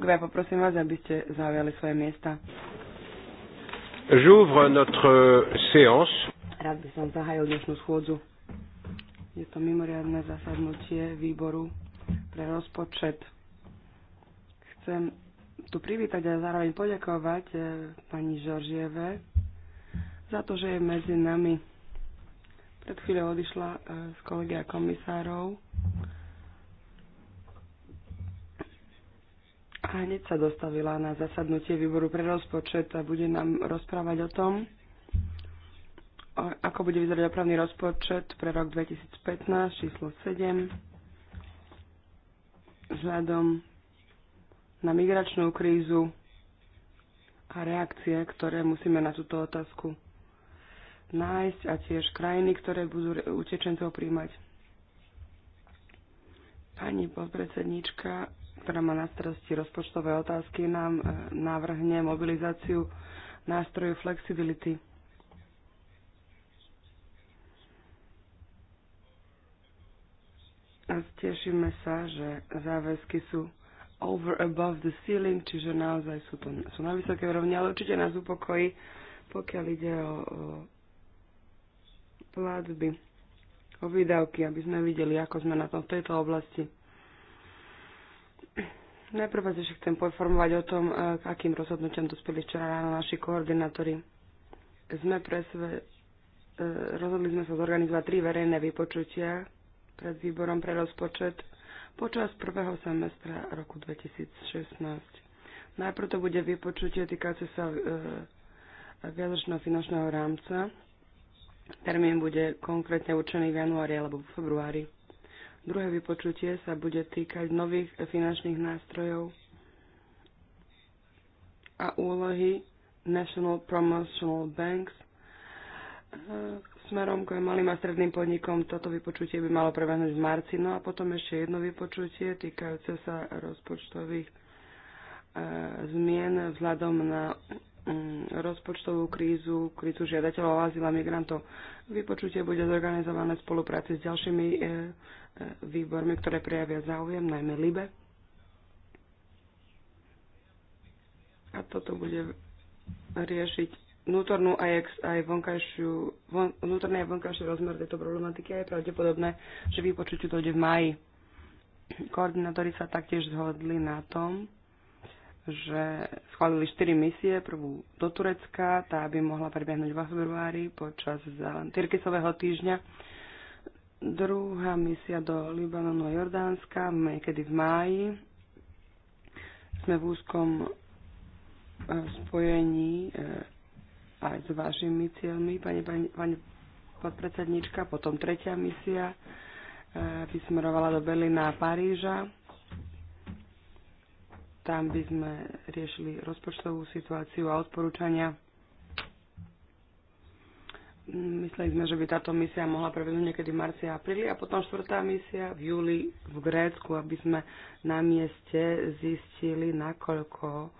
Kolegovia, poprosím vás, aby ste zaujali svoje miesta. J'ouvre notre euh, séance. Rád by som zahájil dnešnú schôdzu. Je to mimoriadne zasadnutie výboru pre rozpočet. Chcem tu privítať a zároveň poďakovať e, pani Žoržieve za to, že je medzi nami. Pred chvíľou odišla e, z kolegia komisárov a hneď sa dostavila na zasadnutie výboru pre rozpočet a bude nám rozprávať o tom, ako bude vyzerať opravný rozpočet pre rok 2015, číslo 7, vzhľadom na migračnú krízu a reakcie, ktoré musíme na túto otázku nájsť a tiež krajiny, ktoré budú utečencov príjmať. Pani podpredsednička ktorá má na starosti rozpočtové otázky, nám e, navrhne mobilizáciu nástroju flexibility. A tešíme sa, že záväzky sú over above the ceiling, čiže naozaj sú, to, sú na vysoké úrovni, ale určite nás upokojí, pokiaľ ide o, o platby, o výdavky, aby sme videli, ako sme na tom v tejto oblasti. Najprv vás ešte chcem poinformovať o tom, e, k akým rozhodnutiam dospeli včera ráno naši koordinátori. Sme presve... E, rozhodli sme sa zorganizovať tri verejné vypočutia pred výborom pre rozpočet počas prvého semestra roku 2016. Najprv to bude vypočutie týkajúce sa e, finančného rámca. Termín bude konkrétne určený v januári alebo v februári Druhé vypočutie sa bude týkať nových finančných nástrojov a úlohy National Promotional Banks e, smerom k malým a stredným podnikom. Toto vypočutie by malo prebehnúť v marci. No a potom ešte jedno vypočutie týkajúce sa rozpočtových e, zmien vzhľadom na mm, rozpočtovú krízu, krízu žiadateľov azyla migrantov. Vypočutie bude zorganizované v spolupráci s ďalšími e, výbormi, ktoré prejavia záujem, najmä Libe. A toto bude riešiť vnútornú aj, ex, aj vonkajšiu, von, vnútorný aj vonkajší rozmer tejto problematiky a je pravdepodobné, že vypočutiu ide v maji. Koordinátori sa taktiež zhodli na tom, že schválili 4 misie, prvú do Turecka, tá by mohla prebehnúť v februári počas Tyrkisového týždňa Druhá misia do Libanonu a Jordánska, niekedy v máji. Sme v úzkom e, spojení e, aj s vašimi cieľmi, pani, pani, pani podpredsednička. Potom tretia misia by e, smerovala do Berlína a Paríža. Tam by sme riešili rozpočtovú situáciu a odporúčania Mysleli sme, že by táto misia mohla prebehnúť niekedy v marci a apríli a potom štvrtá misia v júli v Grécku, aby sme na mieste zistili, nakoľko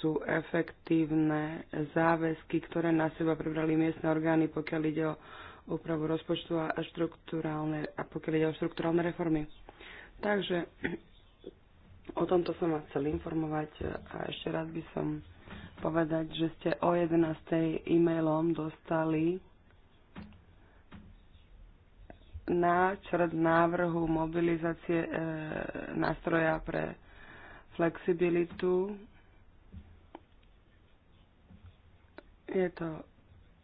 sú efektívne záväzky, ktoré na seba prebrali miestne orgány, pokiaľ ide o úpravu rozpočtu a, štruktúralne, a pokiaľ ide o štruktúralne reformy. Takže o tomto som vás chcel informovať a ešte raz by som povedať, že ste o 11. e-mailom dostali náčrt návrhu mobilizácie e, nástroja pre flexibilitu. Je to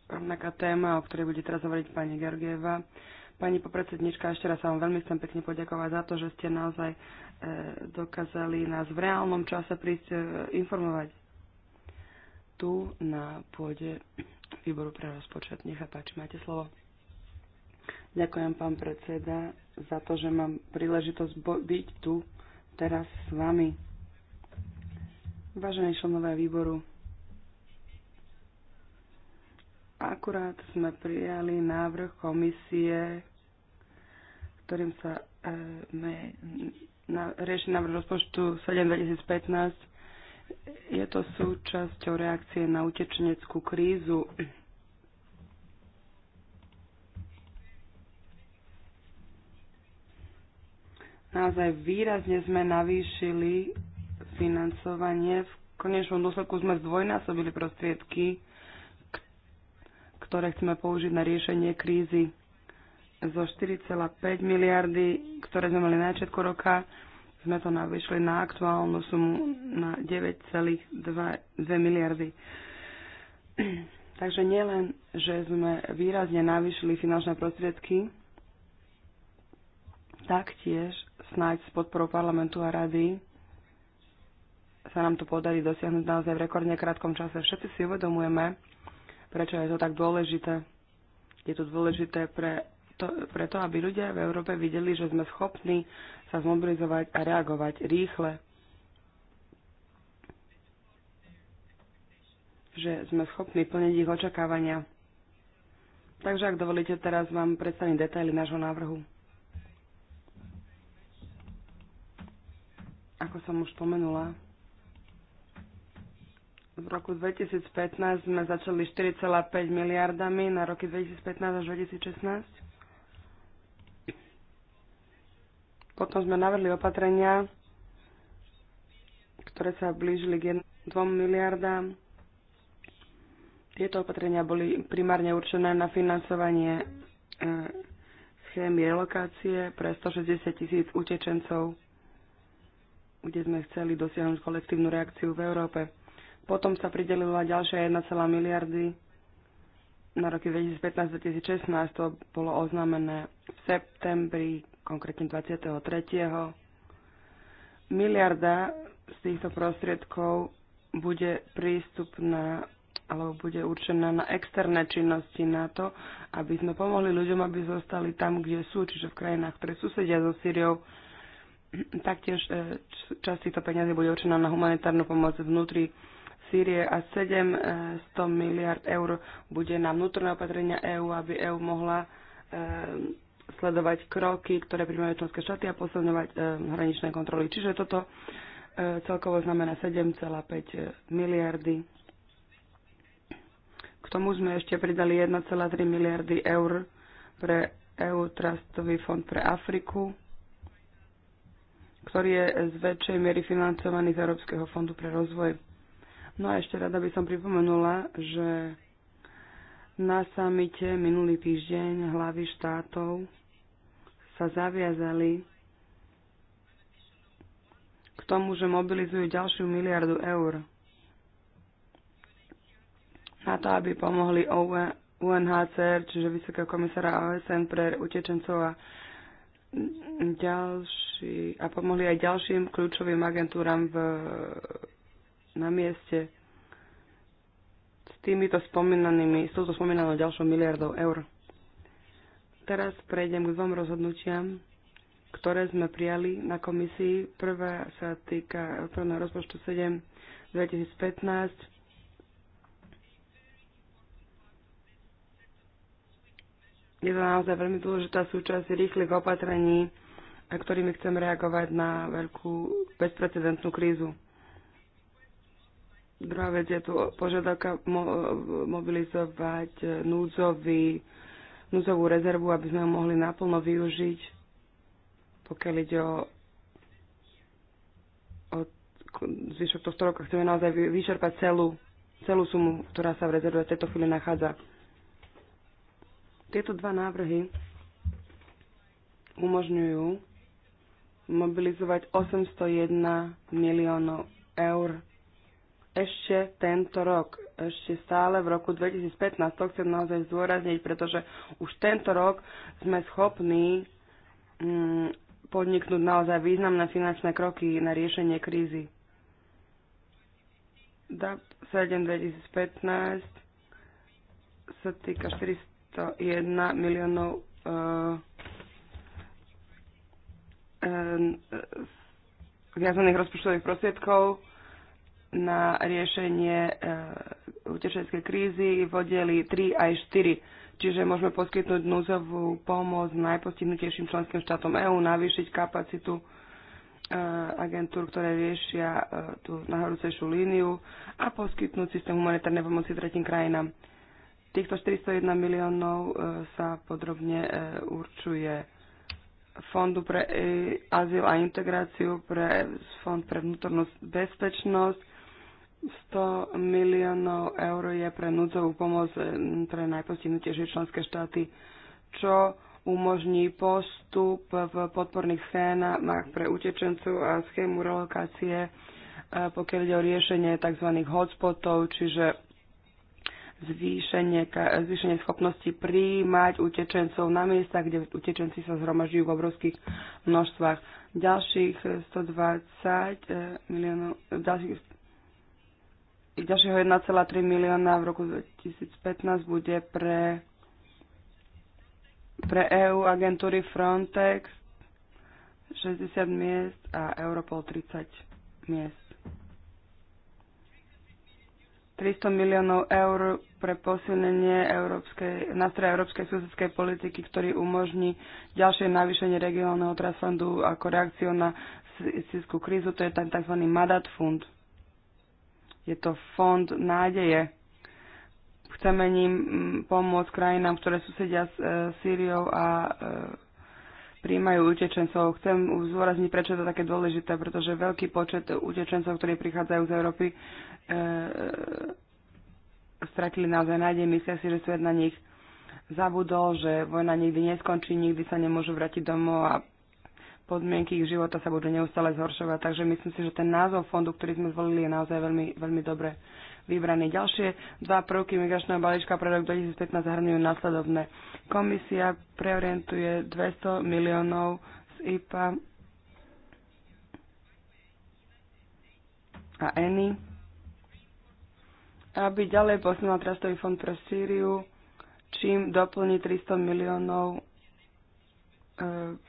rovnaká téma, o ktorej bude teraz hovoriť pani Georgieva. Pani popredsednička, ešte raz sa vám veľmi chcem pekne poďakovať za to, že ste naozaj e, dokázali nás v reálnom čase prísť e, informovať tu na pôde výboru pre rozpočet. Nech sa páči, máte slovo. Ďakujem, pán predseda, za to, že mám príležitosť byť tu teraz s vami. Vážení členové výboru, akurát sme prijali návrh komisie, ktorým sa e, me, na, rieši návrh rozpočtu 7 2015. Je to súčasťou reakcie na utečeneckú krízu. Naozaj výrazne sme navýšili financovanie. V konečnom dôsledku sme zdvojnásobili prostriedky, ktoré chceme použiť na riešenie krízy. Zo 4,5 miliardy, ktoré sme mali na začiatku roka, sme to navýšili na aktuálnu sumu na 9,2 miliardy. Takže nielen, že sme výrazne navýšili finančné prostriedky, Taktiež snáď s podporou parlamentu a rady sa nám to podarí dosiahnuť naozaj v rekordne krátkom čase. Všetci si uvedomujeme, prečo je to tak dôležité. Je to dôležité pre to, preto, aby ľudia v Európe videli, že sme schopní sa zmobilizovať a reagovať rýchle. Že sme schopní plniť ich očakávania. Takže ak dovolíte, teraz vám predstavím detaily nášho návrhu. Ako som už spomenula, v roku 2015 sme začali 4,5 miliardami na roky 2015 až 2016. Potom sme navrli opatrenia, ktoré sa blížili k 2 miliardám. Tieto opatrenia boli primárne určené na financovanie eh, schémy relokácie pre 160 tisíc utečencov kde sme chceli dosiahnuť kolektívnu reakciu v Európe. Potom sa pridelila ďalšia 1,1 miliardy na roky 2015-2016. To bolo oznámené v septembri, konkrétne 23. Miliarda z týchto prostriedkov bude prístupná alebo bude určená na externé činnosti na to, aby sme pomohli ľuďom, aby zostali tam, kde sú, čiže v krajinách, ktoré susedia so Syriou, Taktiež e, časť týchto peniazí bude určená na humanitárnu pomoc vnútri Sýrie a 700 e, miliard eur bude na vnútorné opatrenia EÚ, aby EÚ mohla e, sledovať kroky, ktoré príjmajú členské štáty a posilňovať hraničné kontroly. Čiže toto celkovo znamená 7,5 miliardy. K tomu sme ešte pridali 1,3 miliardy eur pre EU Trustový fond pre Afriku ktorý je z väčšej miery financovaný z Európskeho fondu pre rozvoj. No a ešte rada by som pripomenula, že na samite minulý týždeň hlavy štátov sa zaviazali k tomu, že mobilizujú ďalšiu miliardu eur na to, aby pomohli UNHCR, čiže Vysokého komisára OSN pre utečencov a ďalší, a pomohli aj ďalším kľúčovým agentúram v, na mieste s týmito spomínanými, s touto spomínanou ďalšou miliardou eur. Teraz prejdem k dvom rozhodnutiam, ktoré sme prijali na komisii. Prvá sa týka prvná rozpočtu 7 2015 je to naozaj veľmi dôležitá súčasť rýchlych opatrení, ktorými chcem reagovať na veľkú bezprecedentnú krízu. Druhá vec je tu požiadavka mo- mobilizovať núdzový, núdzovú rezervu, aby sme ju mohli naplno využiť, pokiaľ ide o, o zvyšok tohto roka. Chceme naozaj vyčerpať celú, celú sumu, ktorá sa v rezerve v tejto chvíli nachádza. Tieto dva návrhy umožňujú mobilizovať 801 miliónov eur ešte tento rok, ešte stále v roku 2015. To chcem naozaj zdôrazniť, pretože už tento rok sme schopní mm, podniknúť naozaj významné finančné kroky na riešenie krízy. DAP 7 2015 sa týka 400 101 miliónov e, e, e, viazaných rozpočtových prostriedkov na riešenie utečenskej krízy v oddeli 3 aj 4. Čiže môžeme poskytnúť núzovú pomoc najpostihnutejším členským štátom EÚ, navýšiť kapacitu agentúr, ktoré riešia tú nahorúcejšiu líniu a poskytnúť systém humanitárnej pomoci tretím krajinám. Týchto 401 miliónov e, sa podrobne e, určuje Fondu pre e, azyl a integráciu, pre Fond pre vnútornú bezpečnosť. 100 miliónov eur je pre núdzovú pomoc pre najpostihnutejšie členské štáty, čo umožní postup v podporných schémach pre utečencov a schému relokácie, pokiaľ ide o riešenie tzv. hotspotov, čiže zvýšenie, zvýšenie schopnosti príjmať utečencov na miesta, kde utečenci sa zhromažďujú v obrovských množstvách. Ďalších 120 eh, miliónov, ďalších, ďalšieho 1,3 milióna v roku 2015 bude pre, pre EU agentúry Frontex 60 miest a Europol 30 miest. 300 miliónov eur pre posilnenie európskej, nástroja európskej susedskej politiky, ktorý umožní ďalšie navýšenie regionálneho trasfondu ako reakciu na sírsku krízu. To je ten tzv. Madat fund. Je to fond nádeje. Chceme ním mm, pomôcť krajinám, ktoré susedia s e, Sýriou a e, príjmajú utečencov. Chcem zúrazniť, prečo je to také dôležité, pretože veľký počet utečencov, ktorí prichádzajú z Európy, e, e, stratili naozaj nádej, myslia si, že svet na nich zabudol, že vojna nikdy neskončí, nikdy sa nemôžu vrátiť domov a podmienky ich života sa budú neustále zhoršovať. Takže myslím si, že ten názov fondu, ktorý sme zvolili, je naozaj veľmi, veľmi dobre vybrané. Ďalšie dva prvky migračného balíčka pre rok 2015 zahrňujú následovné. Komisia preorientuje 200 miliónov z IPA a ENI, aby ďalej posunula Trastový fond pre Sýriu, čím doplní 300 miliónov e,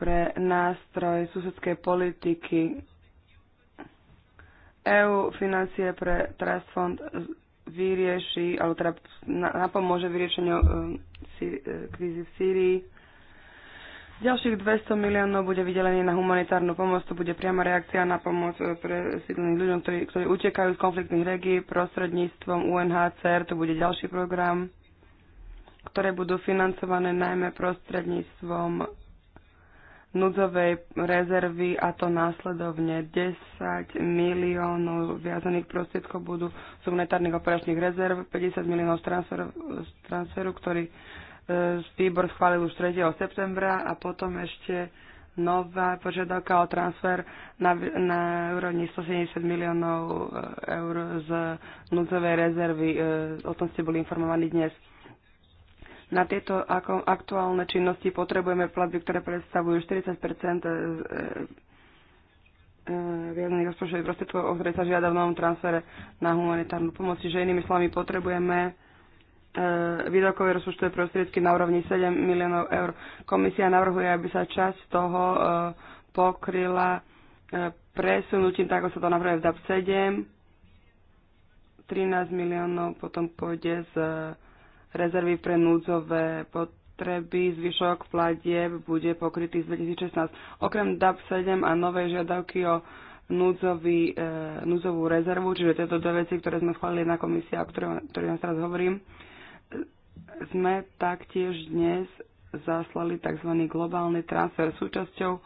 pre nástroj susedskej politiky EU financie pre Trust Fund vyrieši, alebo teda napomôže vyriešeniu e, e, krízy v Sýrii. Ďalších 200 miliónov bude vydelenie na humanitárnu pomoc, to bude priama reakcia na pomoc e, pre sídlených ľuďom, ktorí, ktorí utekajú z konfliktných regí, prostredníctvom UNHCR, to bude ďalší program, ktoré budú financované najmä prostredníctvom núdzovej rezervy a to následovne 10 miliónov viazaných prostriedkov budú z humanitárnych operačných rezerv, 50 miliónov z transferu, z transferu ktorý e, výbor schválil už 3. septembra a potom ešte nová požiadavka o transfer na, na úrovni 170 miliónov e, eur z núdzovej rezervy. E, o tom ste boli informovaní dnes. Na tieto aktuálne činnosti potrebujeme platby, ktoré predstavujú 40 viazaných eh, eh, eh, rozpočtových prostriedkov, o ktoré sa žiada v novom transfere na humanitárnu pomoc. Čiže inými slovami potrebujeme výdavkové rozpočtové prostriedky na úrovni 7 miliónov eur. Komisia navrhuje, aby sa časť toho pokryla presunutím, tak ako sa to navrhuje v DAP 7. 13 miliónov potom pôjde z rezervy pre núdzové potreby, zvyšok platieb bude pokrytý z 2016. Okrem DAP 7 a novej žiadavky o núdzový, e, núdzovú rezervu, čiže tieto dve veci, ktoré sme schválili na komisii, o ktorých vám teraz hovorím, sme taktiež dnes zaslali tzv. globálny transfer súčasťou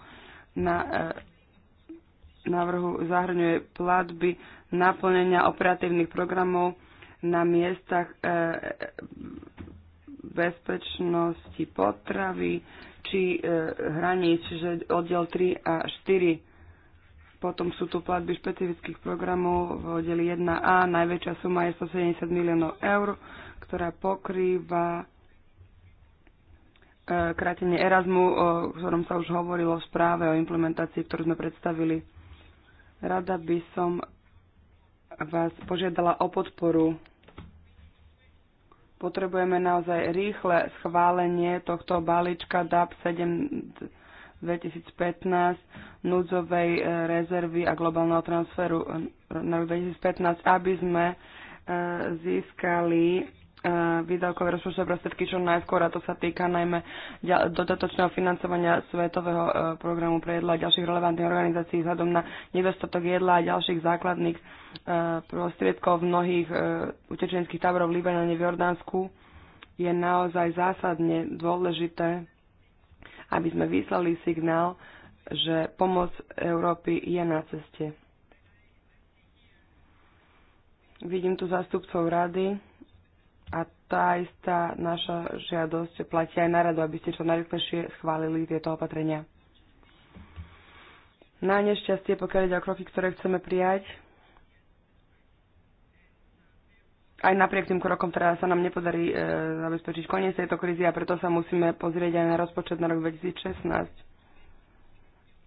na e, návrhu zahrňuje platby naplnenia operatívnych programov na miestach e, bezpečnosti potravy či e, hraníc, čiže oddiel 3 a 4. Potom sú tu platby špecifických programov v oddeli 1a. Najväčšia suma je 170 miliónov eur, ktorá pokrýva e, krátenie Erasmu, o ktorom sa už hovorilo v správe o implementácii, ktorú sme predstavili. Rada by som vás požiadala o podporu potrebujeme naozaj rýchle schválenie tohto balíčka DAP 7 2015 núdzovej e, rezervy a globálneho transferu e, na 2015, aby sme e, získali E, výdavkové rozpočtové prostriedky čo najskôr a to sa týka najmä dodatočného financovania Svetového e, programu pre jedla a ďalších relevantných organizácií vzhľadom na nedostatok jedla a ďalších základných e, prostriedkov v mnohých utečenských táborov v Libanone v Jordánsku je naozaj zásadne dôležité, aby sme vyslali signál, že pomoc Európy je na ceste. Vidím tu zástupcov rady a tá istá naša žiadosť platí aj na radu, aby ste čo najrychlejšie schválili tieto opatrenia. Na nešťastie, pokiaľ ide o kroky, ktoré chceme prijať, aj napriek tým krokom teda sa nám nepodarí e, zabezpečiť koniec tejto krízy a preto sa musíme pozrieť aj na rozpočet na rok 2016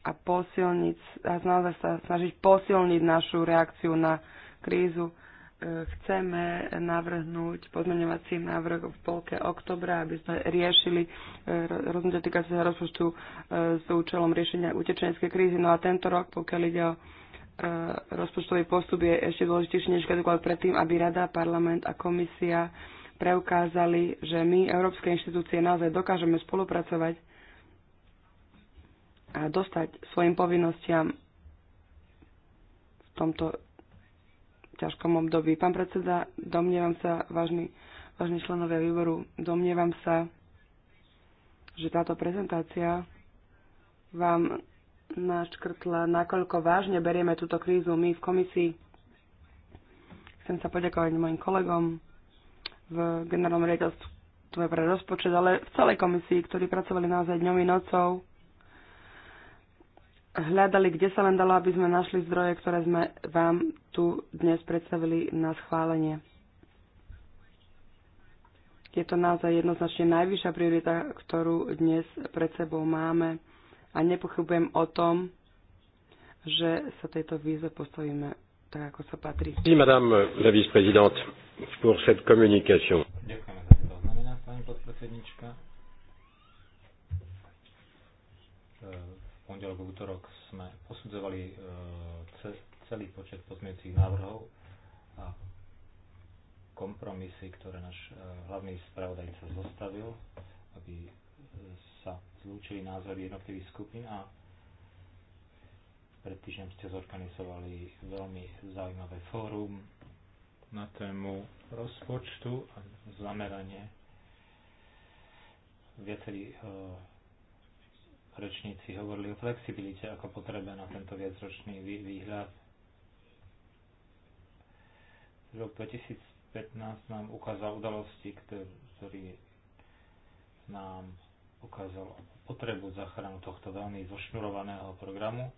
a posilniť, a naozaj sa snažiť posilniť našu reakciu na krízu chceme navrhnúť pozmeňovací návrh v polke oktobra, aby sme riešili e, rozhodnutie týka sa rozpočtu e, s účelom riešenia utečenskej krízy. No a tento rok, pokiaľ ide o e, rozpočtový postup, je ešte dôležitejší než kedykoľvek predtým, aby Rada, Parlament a Komisia preukázali, že my, európske inštitúcie, naozaj dokážeme spolupracovať a dostať svojim povinnostiam v tomto ťažkom období. Pán predseda, domnievam sa, vážni, vážni členovia výboru, domnievam sa, že táto prezentácia vám naškrtla, nakoľko vážne berieme túto krízu my v komisii. Chcem sa poďakovať mojim kolegom v generálnom riaditeľstve pre rozpočet, ale v celej komisii, ktorí pracovali naozaj dňom i nocou hľadali, kde sa len dalo, aby sme našli zdroje, ktoré sme vám tu dnes predstavili na schválenie. Je to naozaj jednoznačne najvyššia priorita, ktorú dnes pred sebou máme a nepochybujem o tom, že sa tejto výzve postavíme tak, ako sa patrí. Ďakujem, madame la vice prezidente pour cette communication. Ďakujem za tieto znamená, pani podpredsednička pondelok, útorok sme posudzovali e, celý počet pozmiecich návrhov a kompromisy, ktoré náš e, hlavný spravodajca zostavil, aby e, sa zlúčili názory jednotlivých skupín a pred týždňom ste zorganizovali veľmi zaujímavé fórum na tému rozpočtu a zameranie viacerých rečníci hovorili o flexibilite ako potrebe na tento viacročný výhľad. Rok 2015 nám ukázal udalosti, ktorý nám ukázal potrebu záchranu tohto veľmi zošnurovaného programu.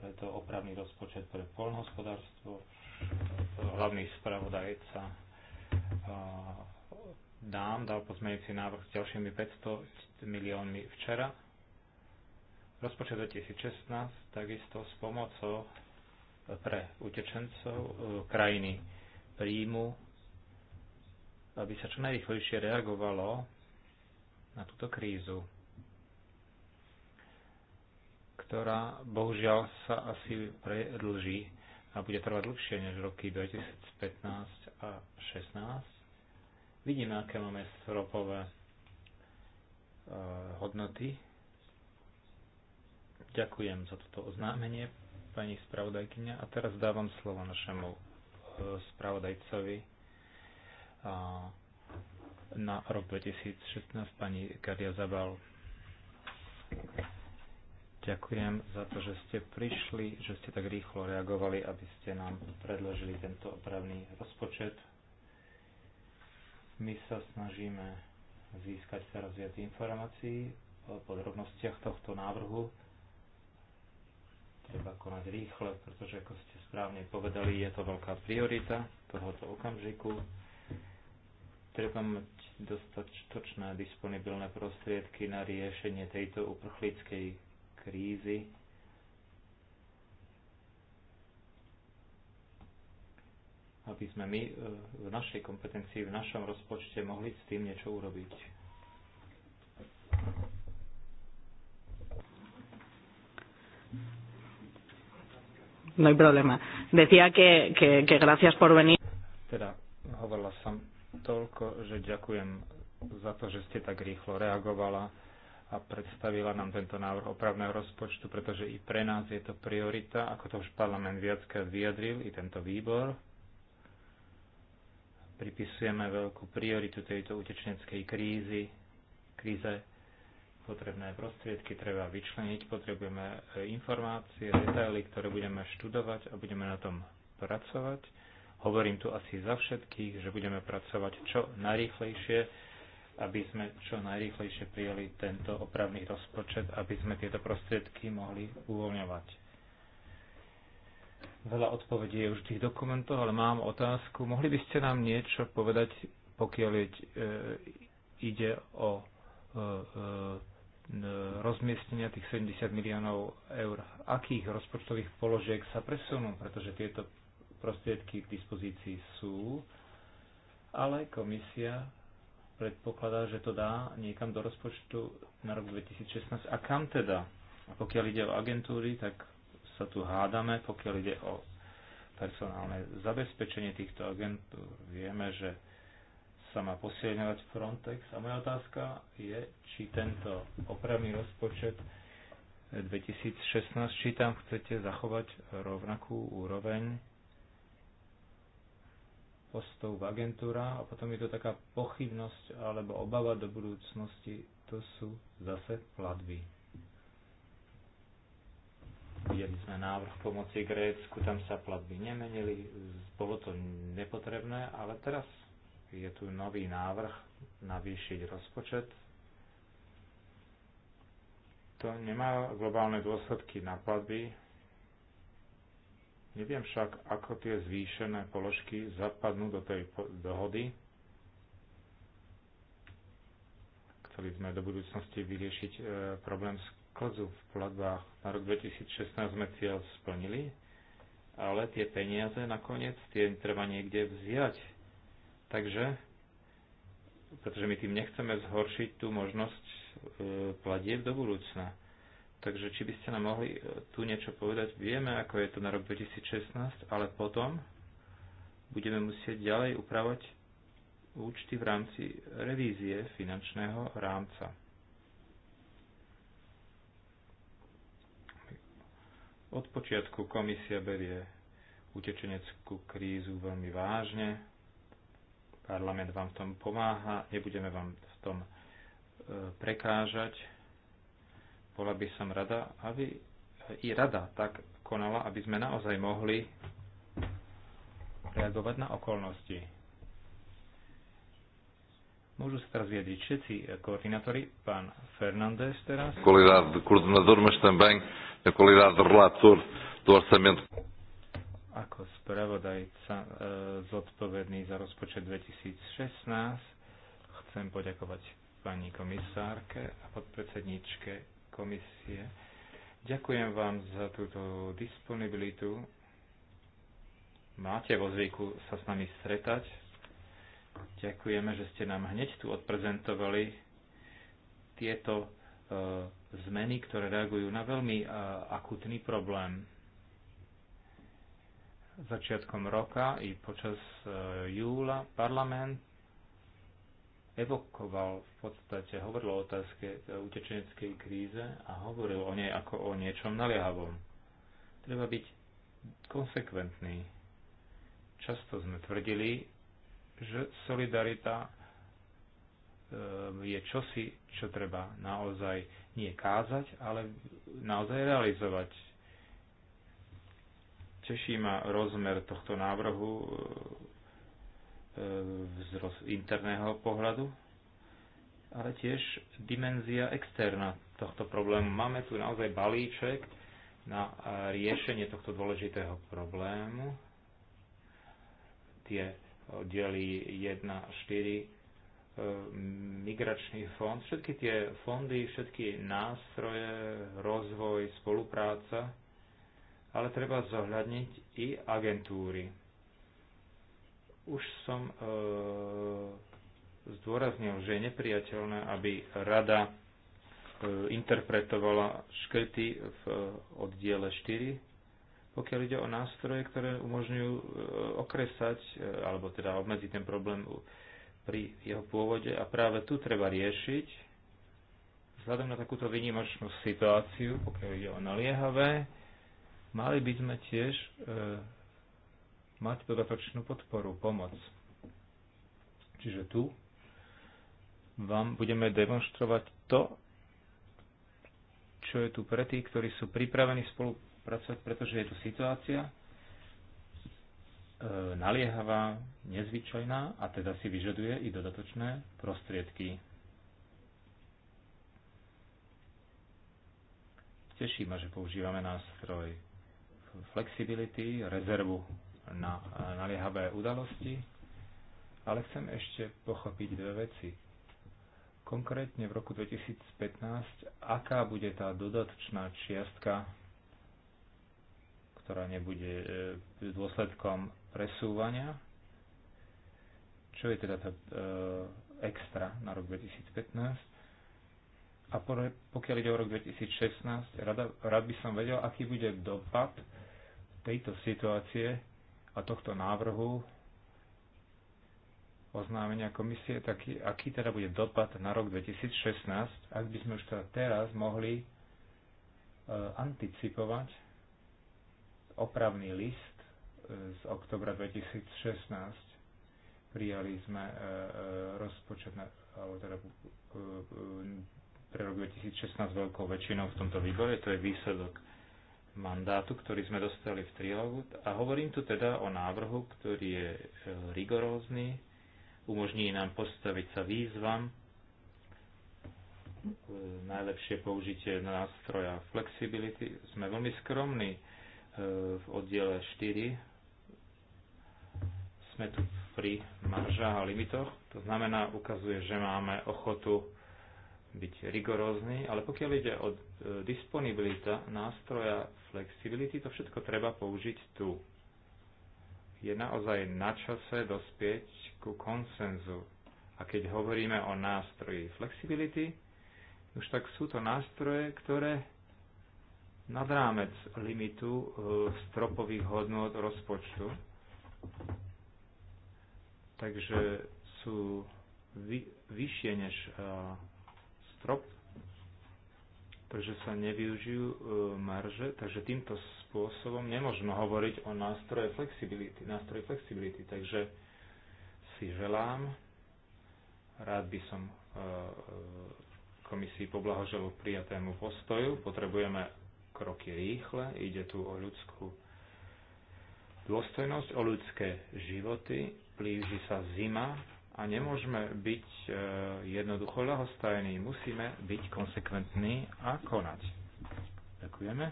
Preto opravný rozpočet pre polnohospodárstvo, hlavný spravodajca dám, dal pozmeňujúci návrh s ďalšími 500 miliónmi včera. Rozpočet 2016 takisto s pomocou pre utečencov e, krajiny príjmu, aby sa čo najrychlejšie reagovalo na túto krízu, ktorá bohužiaľ sa asi predlží a bude trvať dlhšie než roky 2015 a 2016 Vidíme, aké máme stropové e, hodnoty. Ďakujem za toto oznámenie, pani spravodajkyňa. A teraz dávam slovo našemu e, spravodajcovi e, na rok 2016, pani Kadia Zabal. Ďakujem za to, že ste prišli, že ste tak rýchlo reagovali, aby ste nám predložili tento opravný rozpočet my sa snažíme získať teraz viac informácií o podrobnostiach tohto návrhu. Treba konať rýchle, pretože, ako ste správne povedali, je to veľká priorita tohoto okamžiku. Treba mať dostatočné disponibilné prostriedky na riešenie tejto uprchlíckej krízy aby sme my e, v našej kompetencii, v našom rozpočte mohli s tým niečo urobiť. No hay problema. Decía que, que, que gracias por venir. Teda hovorila som toľko, že ďakujem za to, že ste tak rýchlo reagovala a predstavila nám tento návrh opravného rozpočtu, pretože i pre nás je to priorita, ako to už parlament viackrát vyjadril, i tento výbor pripisujeme veľkú prioritu tejto utečeneckej krízy, kríze. Potrebné prostriedky treba vyčleniť, potrebujeme e, informácie, detaily, ktoré budeme študovať a budeme na tom pracovať. Hovorím tu asi za všetkých, že budeme pracovať čo najrýchlejšie, aby sme čo najrýchlejšie prijeli tento opravný rozpočet, aby sme tieto prostriedky mohli uvoľňovať Veľa odpovedí je už v tých dokumentoch, ale mám otázku. Mohli by ste nám niečo povedať, pokiaľ je, e, ide o e, e, rozmiestnenia tých 70 miliónov eur? Akých rozpočtových položiek sa presunú? Pretože tieto prostriedky k dispozícii sú, ale komisia predpokladá, že to dá niekam do rozpočtu na rok 2016. A kam teda? A pokiaľ ide o agentúry, tak sa tu hádame, pokiaľ ide o personálne zabezpečenie týchto agentúr. Vieme, že sa má posilňovať Frontex a moja otázka je, či tento opravný rozpočet 2016, či tam chcete zachovať rovnakú úroveň postov v agentúra a potom je to taká pochybnosť alebo obava do budúcnosti, to sú zase platby. Videli sme návrh pomoci Grécku, tam sa platby nemenili, bolo to nepotrebné, ale teraz je tu nový návrh navýšiť rozpočet. To nemá globálne dôsledky na platby. Neviem však, ako tie zvýšené položky zapadnú do tej dohody. Chceli sme do budúcnosti vyriešiť e, problém s škodzu v platbách na rok 2016 sme cieľ splnili, ale tie peniaze nakoniec, tie treba niekde vziať. Takže, pretože my tým nechceme zhoršiť tú možnosť e, platieť do budúcna. Takže či by ste nám mohli e, tu niečo povedať, vieme, ako je to na rok 2016, ale potom budeme musieť ďalej upravať účty v rámci revízie finančného rámca. Od počiatku komisia berie utečeneckú krízu veľmi vážne. Parlament vám v tom pomáha, nebudeme vám v tom e, prekážať. Bola by som rada, aby i rada tak konala, aby sme naozaj mohli reagovať na okolnosti Môžu sa teraz vyjadriť všetci koordinátori. Pán Fernández teraz. Ako spravodajca e, zodpovedný za rozpočet 2016 chcem poďakovať pani komisárke a podpredsedničke komisie. Ďakujem vám za túto disponibilitu. Máte vo zvyku sa s nami stretať Ďakujeme, že ste nám hneď tu odprezentovali tieto e, zmeny, ktoré reagujú na veľmi e, akutný problém. Začiatkom roka i počas e, júla parlament evokoval v podstate, hovoril o otázke utečeneckej kríze a hovoril o nej ako o niečom naliehavom. Treba byť konsekventný. Často sme tvrdili, že solidarita ehm, je čosi, čo treba naozaj nie kázať, ale naozaj realizovať. Teší ma rozmer tohto návrhu ehm, z interného pohľadu, ale tiež dimenzia externa tohto problému. Máme tu naozaj balíček na eh, riešenie tohto dôležitého problému. Tie oddeli 1 a 4, migračný fond, všetky tie fondy, všetky nástroje, rozvoj, spolupráca, ale treba zohľadniť i agentúry. Už som e, zdôraznil, že je nepriateľné, aby rada e, interpretovala škrty v e, oddiele 4 pokiaľ ide o nástroje, ktoré umožňujú e, okresať e, alebo teda obmedziť ten problém pri jeho pôvode a práve tu treba riešiť vzhľadom na takúto výnimočnú situáciu, pokiaľ ide o naliehavé, mali by sme tiež e, mať dodatočnú podporu, pomoc. Čiže tu vám budeme demonstrovať to, čo je tu pre tých, ktorí sú pripravení spolu pracovať, pretože je tu situácia e, naliehavá, nezvyčajná a teda si vyžaduje i dodatočné prostriedky. Teší ma, že používame nástroj flexibility, rezervu na naliehavé udalosti, ale chcem ešte pochopiť dve veci. Konkrétne v roku 2015, aká bude tá dodatočná čiastka ktorá nebude e, dôsledkom presúvania. Čo je teda to e, extra na rok 2015? A pokiaľ ide o rok 2016, rada, rád by som vedel, aký bude dopad tejto situácie a tohto návrhu oznámenia komisie, taký, aký teda bude dopad na rok 2016, ak by sme už teda teraz mohli e, anticipovať opravný list e, z oktobra 2016. Prijali sme e, e, rozpočet na, alebo teda, pre rok 2016 veľkou väčšinou v tomto výbore. To je výsledok mandátu, ktorý sme dostali v trialogu. A hovorím tu teda o návrhu, ktorý je rigorózny, umožní nám postaviť sa výzvam, najlepšie použitie nástroja flexibility. Sme veľmi skromní E, v oddiele 4 sme tu pri maržách a limitoch. To znamená, ukazuje, že máme ochotu byť rigorózny, ale pokiaľ ide o e, disponibilita nástroja flexibility, to všetko treba použiť tu. Je naozaj na čase dospieť ku konsenzu. A keď hovoríme o nástroji flexibility, už tak sú to nástroje, ktoré nad rámec limitu eh, stropových hodnot rozpočtu. Takže sú vy, vyššie než eh, strop, takže sa nevyužijú eh, marže, takže týmto spôsobom nemôžeme hovoriť o nástroje flexibility. Nástroje flexibility. Takže si želám, rád by som komisii poblahožel prijatému postoju. Potrebujeme kroky rýchle, ide tu o ľudskú dôstojnosť, o ľudské životy, blíži sa zima a nemôžeme byť e, jednoducho ľahostajní. Musíme byť konsekventní a konať. Ďakujeme.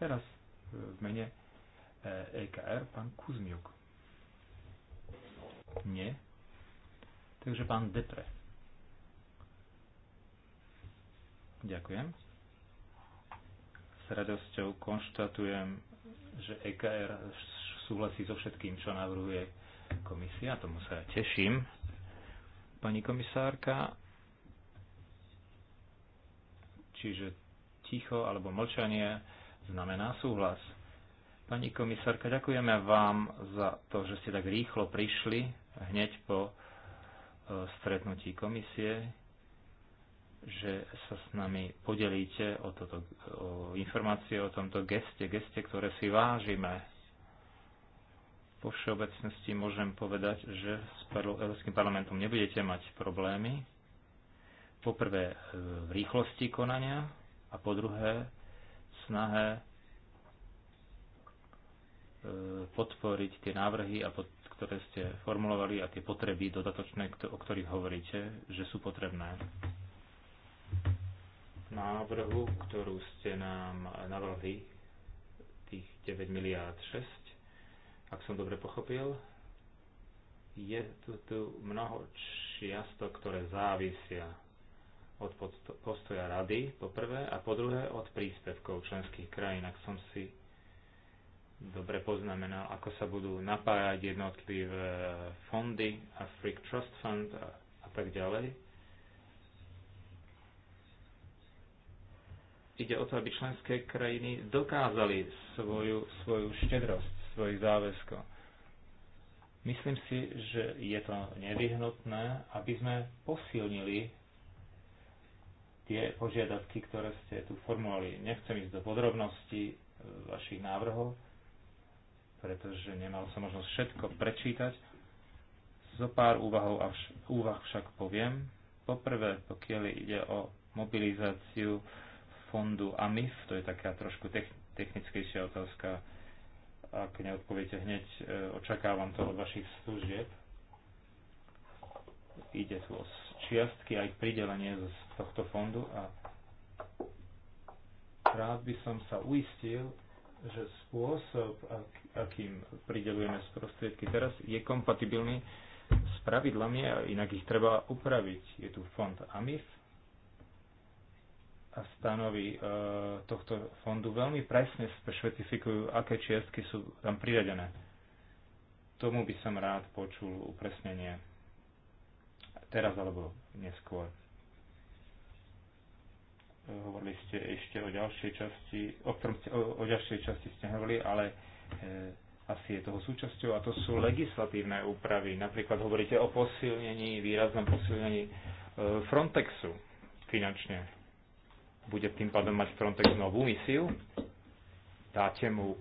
Teraz e, v mene EKR e pán Kuzmiuk. Nie. Takže pán Depre. Ďakujem. S radosťou konštatujem, že EKR súhlasí so všetkým, čo navrhuje komisia. Tomu sa teším. Pani komisárka, čiže ticho alebo mlčanie znamená súhlas. Pani komisárka, ďakujeme vám za to, že ste tak rýchlo prišli hneď po e, stretnutí komisie že sa s nami podelíte o, toto, o informácie o tomto geste, geste, ktoré si vážime. Po všeobecnosti môžem povedať, že s Európskym parlamentom nebudete mať problémy. Po prvé e, v rýchlosti konania a po druhé v snahe e, podporiť tie návrhy, a pod, ktoré ste formulovali a tie potreby dodatočné, o ktorých hovoríte, že sú potrebné návrhu, ktorú ste nám navrhli, tých 9 miliárd 6, ak som dobre pochopil, je tu, tu mnoho čiastok, ktoré závisia od postoja rady, po prvé, a po druhé od príspevkov členských krajín. Ak som si dobre poznamenal, ako sa budú napájať jednotlivé fondy, Afric Trust Fund a, a tak ďalej, ide o to, aby členské krajiny dokázali svoju, svoju štedrosť, svoj záväzko. Myslím si, že je to nevyhnutné, aby sme posilnili tie požiadavky, ktoré ste tu formulovali. Nechcem ísť do podrobností eh, vašich návrhov, pretože nemal som možnosť všetko prečítať. Zo pár úvahov a vš- úvah však poviem. Poprvé, pokiaľ ide o mobilizáciu fondu AMIF, to je taká trošku technickejšia otázka, ak neodpoviete hneď, e, očakávam to od vašich služieb. Ide tu o čiastky aj pridelenie z tohto fondu a rád by som sa uistil, že spôsob, akým pridelujeme prostriedky teraz, je kompatibilný s pravidlami a inak ich treba upraviť. Je tu fond AMIF, a stanovy e, tohto fondu veľmi presne špecifikujú, aké čiastky sú tam priradené. Tomu by som rád počul upresnenie teraz alebo neskôr. Hovorili ste ešte o ďalšej časti, o, o, o ďalšej časti ste hovorili, ale e, asi je toho súčasťou a to sú legislatívne úpravy. Napríklad hovoríte o posilnení, výraznom posilnení e, Frontexu finančne bude tým pádom mať Frontex novú misiu? Dáte mu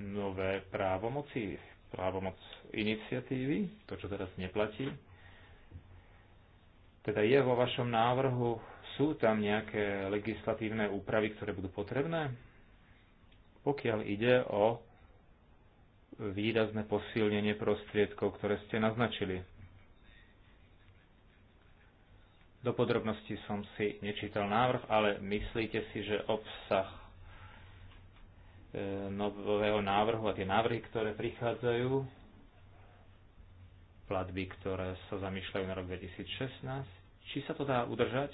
nové právomoci, právomoc iniciatívy, to, čo teraz neplatí? Teda je vo vašom návrhu, sú tam nejaké legislatívne úpravy, ktoré budú potrebné? Pokiaľ ide o výrazné posilnenie prostriedkov, ktoré ste naznačili. Do podrobností som si nečítal návrh, ale myslíte si, že obsah e, nového návrhu a tie návrhy, ktoré prichádzajú, platby, ktoré sa zamýšľajú na rok 2016, či sa to dá udržať?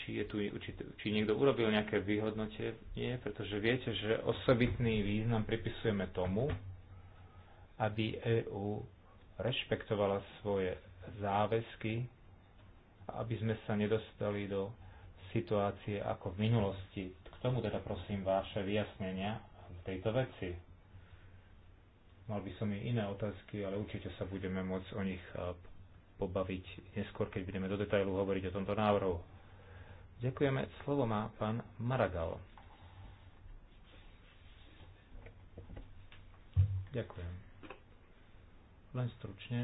Či, je tu, či, či niekto urobil nejaké vyhodnotenie, pretože viete, že osobitný význam pripisujeme tomu, aby EÚ rešpektovala svoje záväzky, aby sme sa nedostali do situácie ako v minulosti. K tomu teda prosím vaše vyjasnenia v tejto veci. Mal by som i iné otázky, ale určite sa budeme môcť o nich e, pobaviť neskôr, keď budeme do detailu hovoriť o tomto návrhu. Ďakujeme. Slovo má pán Maragal. Ďakujem. Len stručne.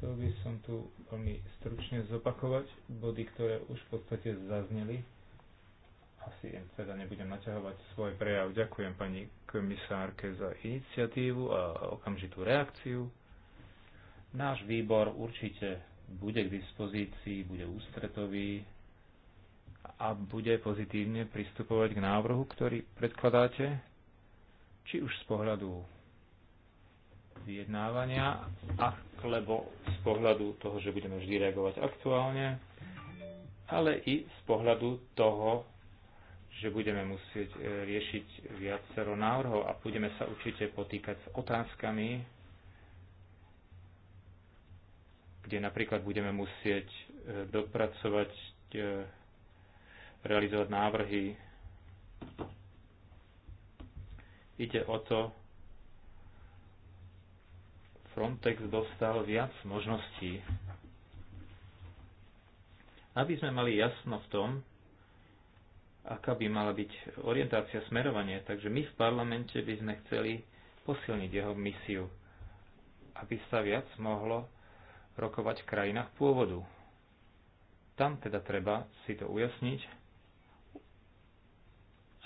Chcel by som tu veľmi stručne zopakovať body, ktoré už v podstate zazneli. Asi teda nebudem naťahovať svoj prejav. Ďakujem pani komisárke za iniciatívu a okamžitú reakciu. Náš výbor určite bude k dispozícii, bude ústretový a bude pozitívne pristupovať k návrhu, ktorý predkladáte, či už z pohľadu vyjednávania a lebo z pohľadu toho, že budeme vždy reagovať aktuálne, ale i z pohľadu toho, že budeme musieť e, riešiť viacero návrhov a budeme sa určite potýkať s otázkami, kde napríklad budeme musieť e, dopracovať, e, realizovať návrhy. Ide o to, Frontex dostal viac možností, aby sme mali jasno v tom, aká by mala byť orientácia, smerovanie. Takže my v parlamente by sme chceli posilniť jeho misiu, aby sa viac mohlo rokovať v krajinách pôvodu. Tam teda treba si to ujasniť,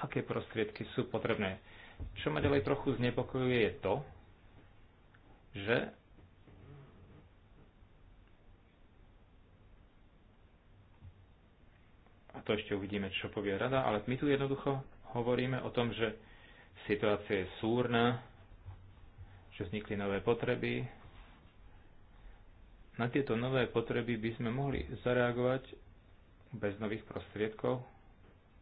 aké prostriedky sú potrebné. Čo ma ďalej trochu znepokojuje je to, že a to ešte uvidíme, čo povie rada, ale my tu jednoducho hovoríme o tom, že situácia je súrna, že vznikli nové potreby. Na tieto nové potreby by sme mohli zareagovať bez nových prostriedkov,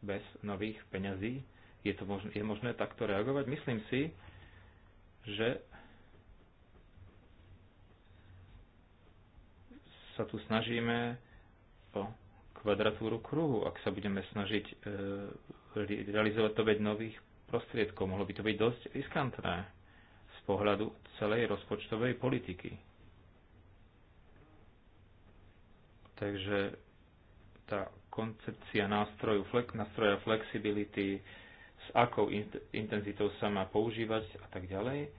bez nových peňazí. Je, to možné, je možné takto reagovať? Myslím si, že sa tu snažíme o kvadratúru kruhu, ak sa budeme snažiť e, realizovať to veď nových prostriedkov. Mohlo by to byť dosť riskantné z pohľadu celej rozpočtovej politiky. Takže tá koncepcia nástroju, flek, nástroja flexibility, s akou intenzitou sa má používať a tak ďalej,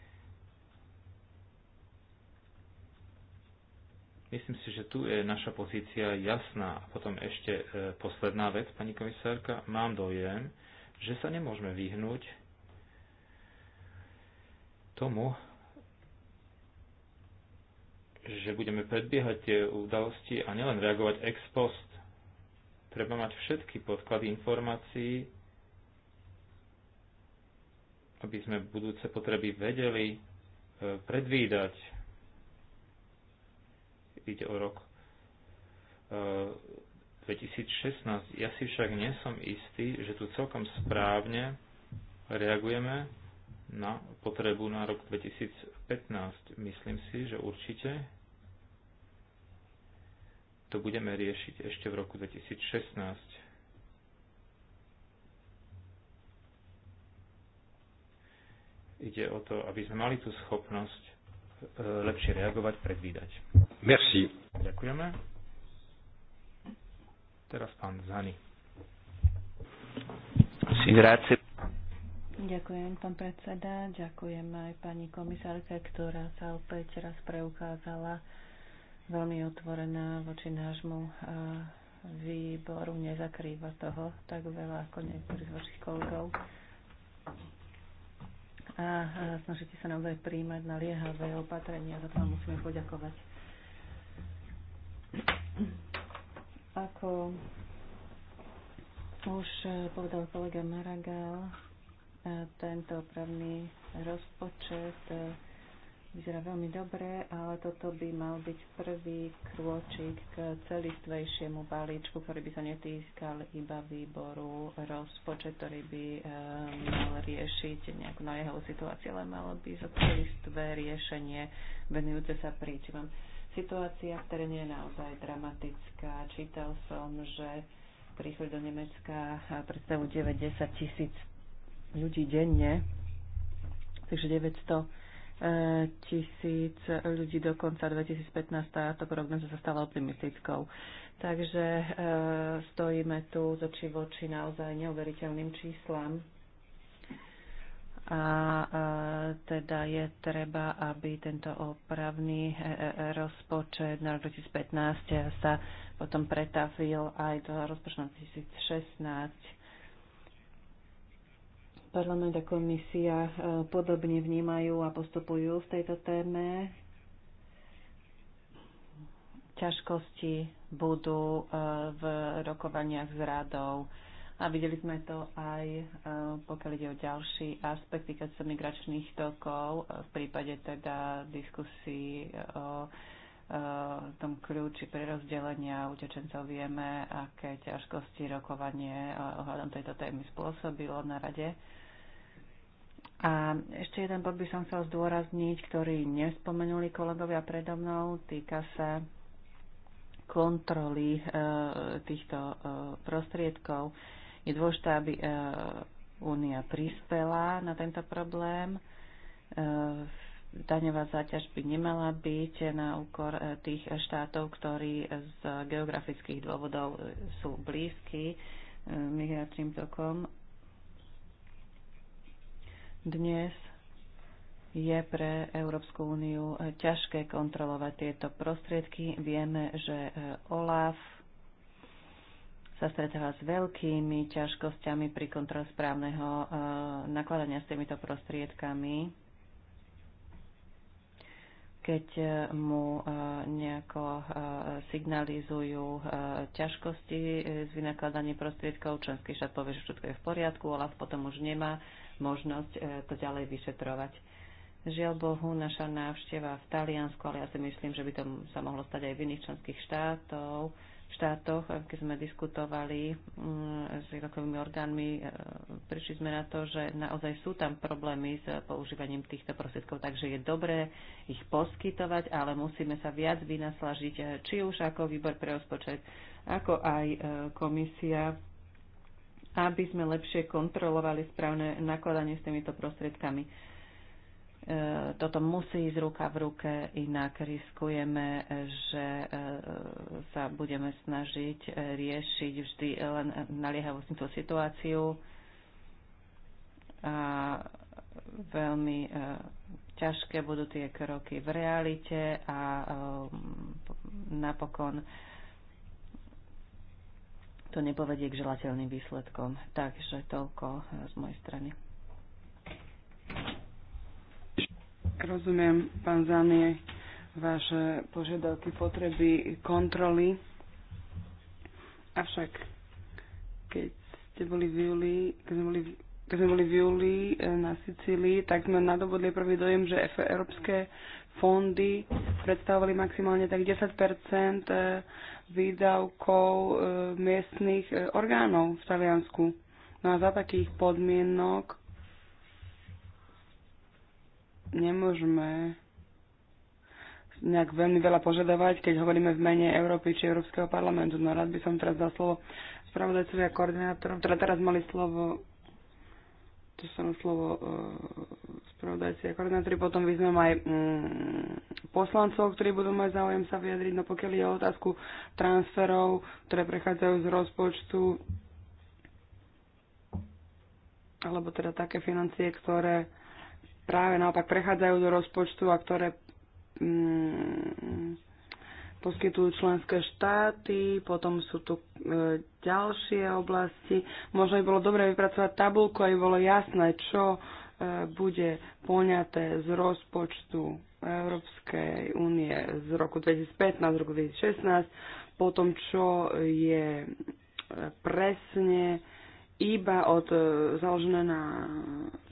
Myslím si, že tu je naša pozícia jasná. A potom ešte e, posledná vec, pani komisárka. Mám dojem, že sa nemôžeme vyhnúť tomu, že budeme predbiehať tie udalosti a nielen reagovať ex post. Treba mať všetky podklady informácií, aby sme budúce potreby vedeli e, predvídať, ide o rok 2016. E, ja si však nie som istý, že tu celkom správne reagujeme na potrebu na rok 2015. Myslím si, že určite to budeme riešiť ešte v roku 2016. Ide o to, aby sme mali tú schopnosť E, lepšie reagovať, predvídať. Merci. Ďakujeme. Teraz pán Zany. Si Ďakujem, pán predseda. Ďakujem aj pani komisárke, ktorá sa opäť raz preukázala veľmi otvorená voči nášmu výboru. Nezakrýva toho tak veľa ako niektorí z vašich kolegov a snažíte sa naozaj príjmať na liehavé opatrenia. Za to vám musíme poďakovať. Ako už povedal kolega Maragal, tento opravný rozpočet vyzerá veľmi dobre, ale toto by mal byť prvý krôčik k celistvejšiemu balíčku, ktorý by sa netýskal iba výboru rozpočet, ktorý by eh, mal riešiť nejakú na jeho situáciu, ale malo by sa celistvé riešenie venujúce sa príčinám. Situácia v teréne je naozaj dramatická. Čítal som, že príchod do Nemecka predstavu 9-10 tisíc ľudí denne, takže 900 tisíc ľudí do konca 2015 táto prognoza sa stala optimistickou. Takže e, stojíme tu z oči v oči naozaj neuveriteľným číslam. A e, teda je treba, aby tento opravný e, e rozpočet na 2015 sa potom pretavil aj do rozpočtu 2016 parlament a komisia e, podobne vnímajú a postupujú v tejto téme. Ťažkosti budú e, v rokovaniach s radou. A videli sme to aj, e, pokiaľ ide o ďalší aspekt týkať sa migračných tokov, v prípade teda diskusí o tom kľúči prerozdelenia utečencov vieme, aké ťažkosti rokovanie ohľadom tejto témy spôsobilo na rade. A ešte jeden bod by som chcel zdôrazniť, ktorý nespomenuli kolegovia predo mnou, týka sa kontroly e, týchto e, prostriedkov. Je dôležité, aby e, Únia prispela na tento problém. E, daňová záťaž by nemala byť na úkor e, tých štátov, ktorí z geografických dôvodov e, sú blízky e, migračným tokom dnes je pre Európsku úniu e, ťažké kontrolovať tieto prostriedky. Vieme, že e, OLAF sa stretáva s veľkými ťažkosťami pri kontrole správneho e, nakladania s týmito prostriedkami, keď mu nejako signalizujú ťažkosti s vynakladaním prostriedkov, členský štát povie, že všetko je v poriadku, OLAF potom už nemá možnosť e, to ďalej vyšetrovať. Žiaľ Bohu, naša návšteva v Taliansku, ale ja si myslím, že by to sa mohlo stať aj v iných členských štátov, štátoch, e, keď sme diskutovali mm, s jednotlivými orgánmi, e, prišli sme na to, že naozaj sú tam problémy s používaním týchto prostriedkov, takže je dobré ich poskytovať, ale musíme sa viac vynaslažiť, či už ako výbor pre rozpočet, ako aj komisia aby sme lepšie kontrolovali správne nakladanie s týmito prostriedkami. E, toto musí ísť ruka v ruke, inak riskujeme, že e, sa budeme snažiť e, riešiť vždy len naliehavostnú situáciu a veľmi ťažké budú tie kroky v realite a napokon to nepovedie k želateľným výsledkom. Takže toľko eh, z mojej strany. Rozumiem, pán Zanie, vaše požiadavky, potreby, kontroly. Avšak, keď ste boli v júli, keď sme boli, v keď sme boli v júli eh, na Sicílii, tak sme nadobudli prvý dojem, že európske fondy predstavovali maximálne tak 10 výdavkov e, miestnych e, orgánov v Taliansku. No a za takých podmienok nemôžeme nejak veľmi veľa požadovať, keď hovoríme v mene Európy či Európskeho parlamentu. No rád by som teraz dal slovo spravodajcovi a koordinátorom, ktoré teraz mali slovo, to som slovo e, spravodajci a koordinátori, potom vyzvem aj mm, poslancov, ktorí budú mať záujem sa vyjadriť, no pokiaľ je otázku transferov, ktoré prechádzajú z rozpočtu, alebo teda také financie, ktoré práve naopak prechádzajú do rozpočtu a ktoré mm, poskytujú členské štáty, potom sú tu e, ďalšie oblasti. Možno by bolo dobre vypracovať tabulku, aby bolo jasné, čo bude poňaté z rozpočtu Európskej únie z roku 2015, z roku 2016, po tom, čo je presne iba od, e, založené na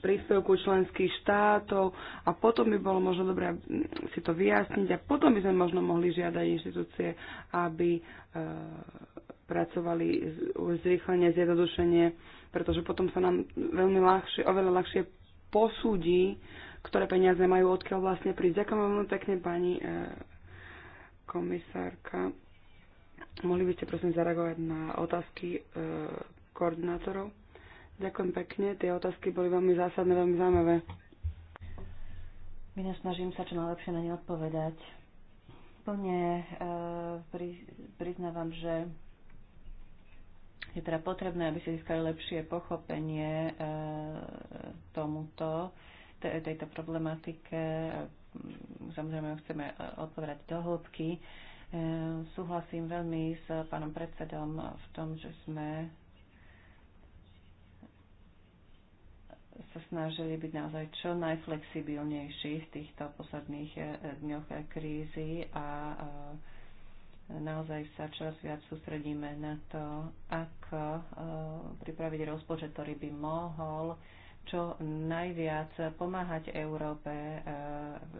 príspevku členských štátov a potom by bolo možno dobré si to vyjasniť a potom by sme možno mohli žiadať inštitúcie, aby e, pracovali zrýchlenie, zjednodušenie, pretože potom sa nám veľmi ľahšie, oveľa ľahšie posúdi, ktoré peniaze majú odkiaľ vlastne prísť. Ďakujem veľmi pekne, pani e, komisárka. Mohli by ste prosím zareagovať na otázky e, koordinátorov? Ďakujem pekne, tie otázky boli veľmi zásadné, veľmi zaujímavé. snažím sa čo najlepšie na ne odpovedať. Plne e, pri, priznávam, že je teda potrebné, aby ste získali lepšie pochopenie e, tomuto, tejto problematike. Samozrejme, chceme e, odpovedať do hĺbky. E, súhlasím veľmi s pánom predsedom v tom, že sme sa snažili byť naozaj čo najflexibilnejší v týchto posledných dňoch krízy a naozaj sa čoraz viac sústredíme na to, ako e, pripraviť rozpočet, ktorý by mohol čo najviac pomáhať Európe e,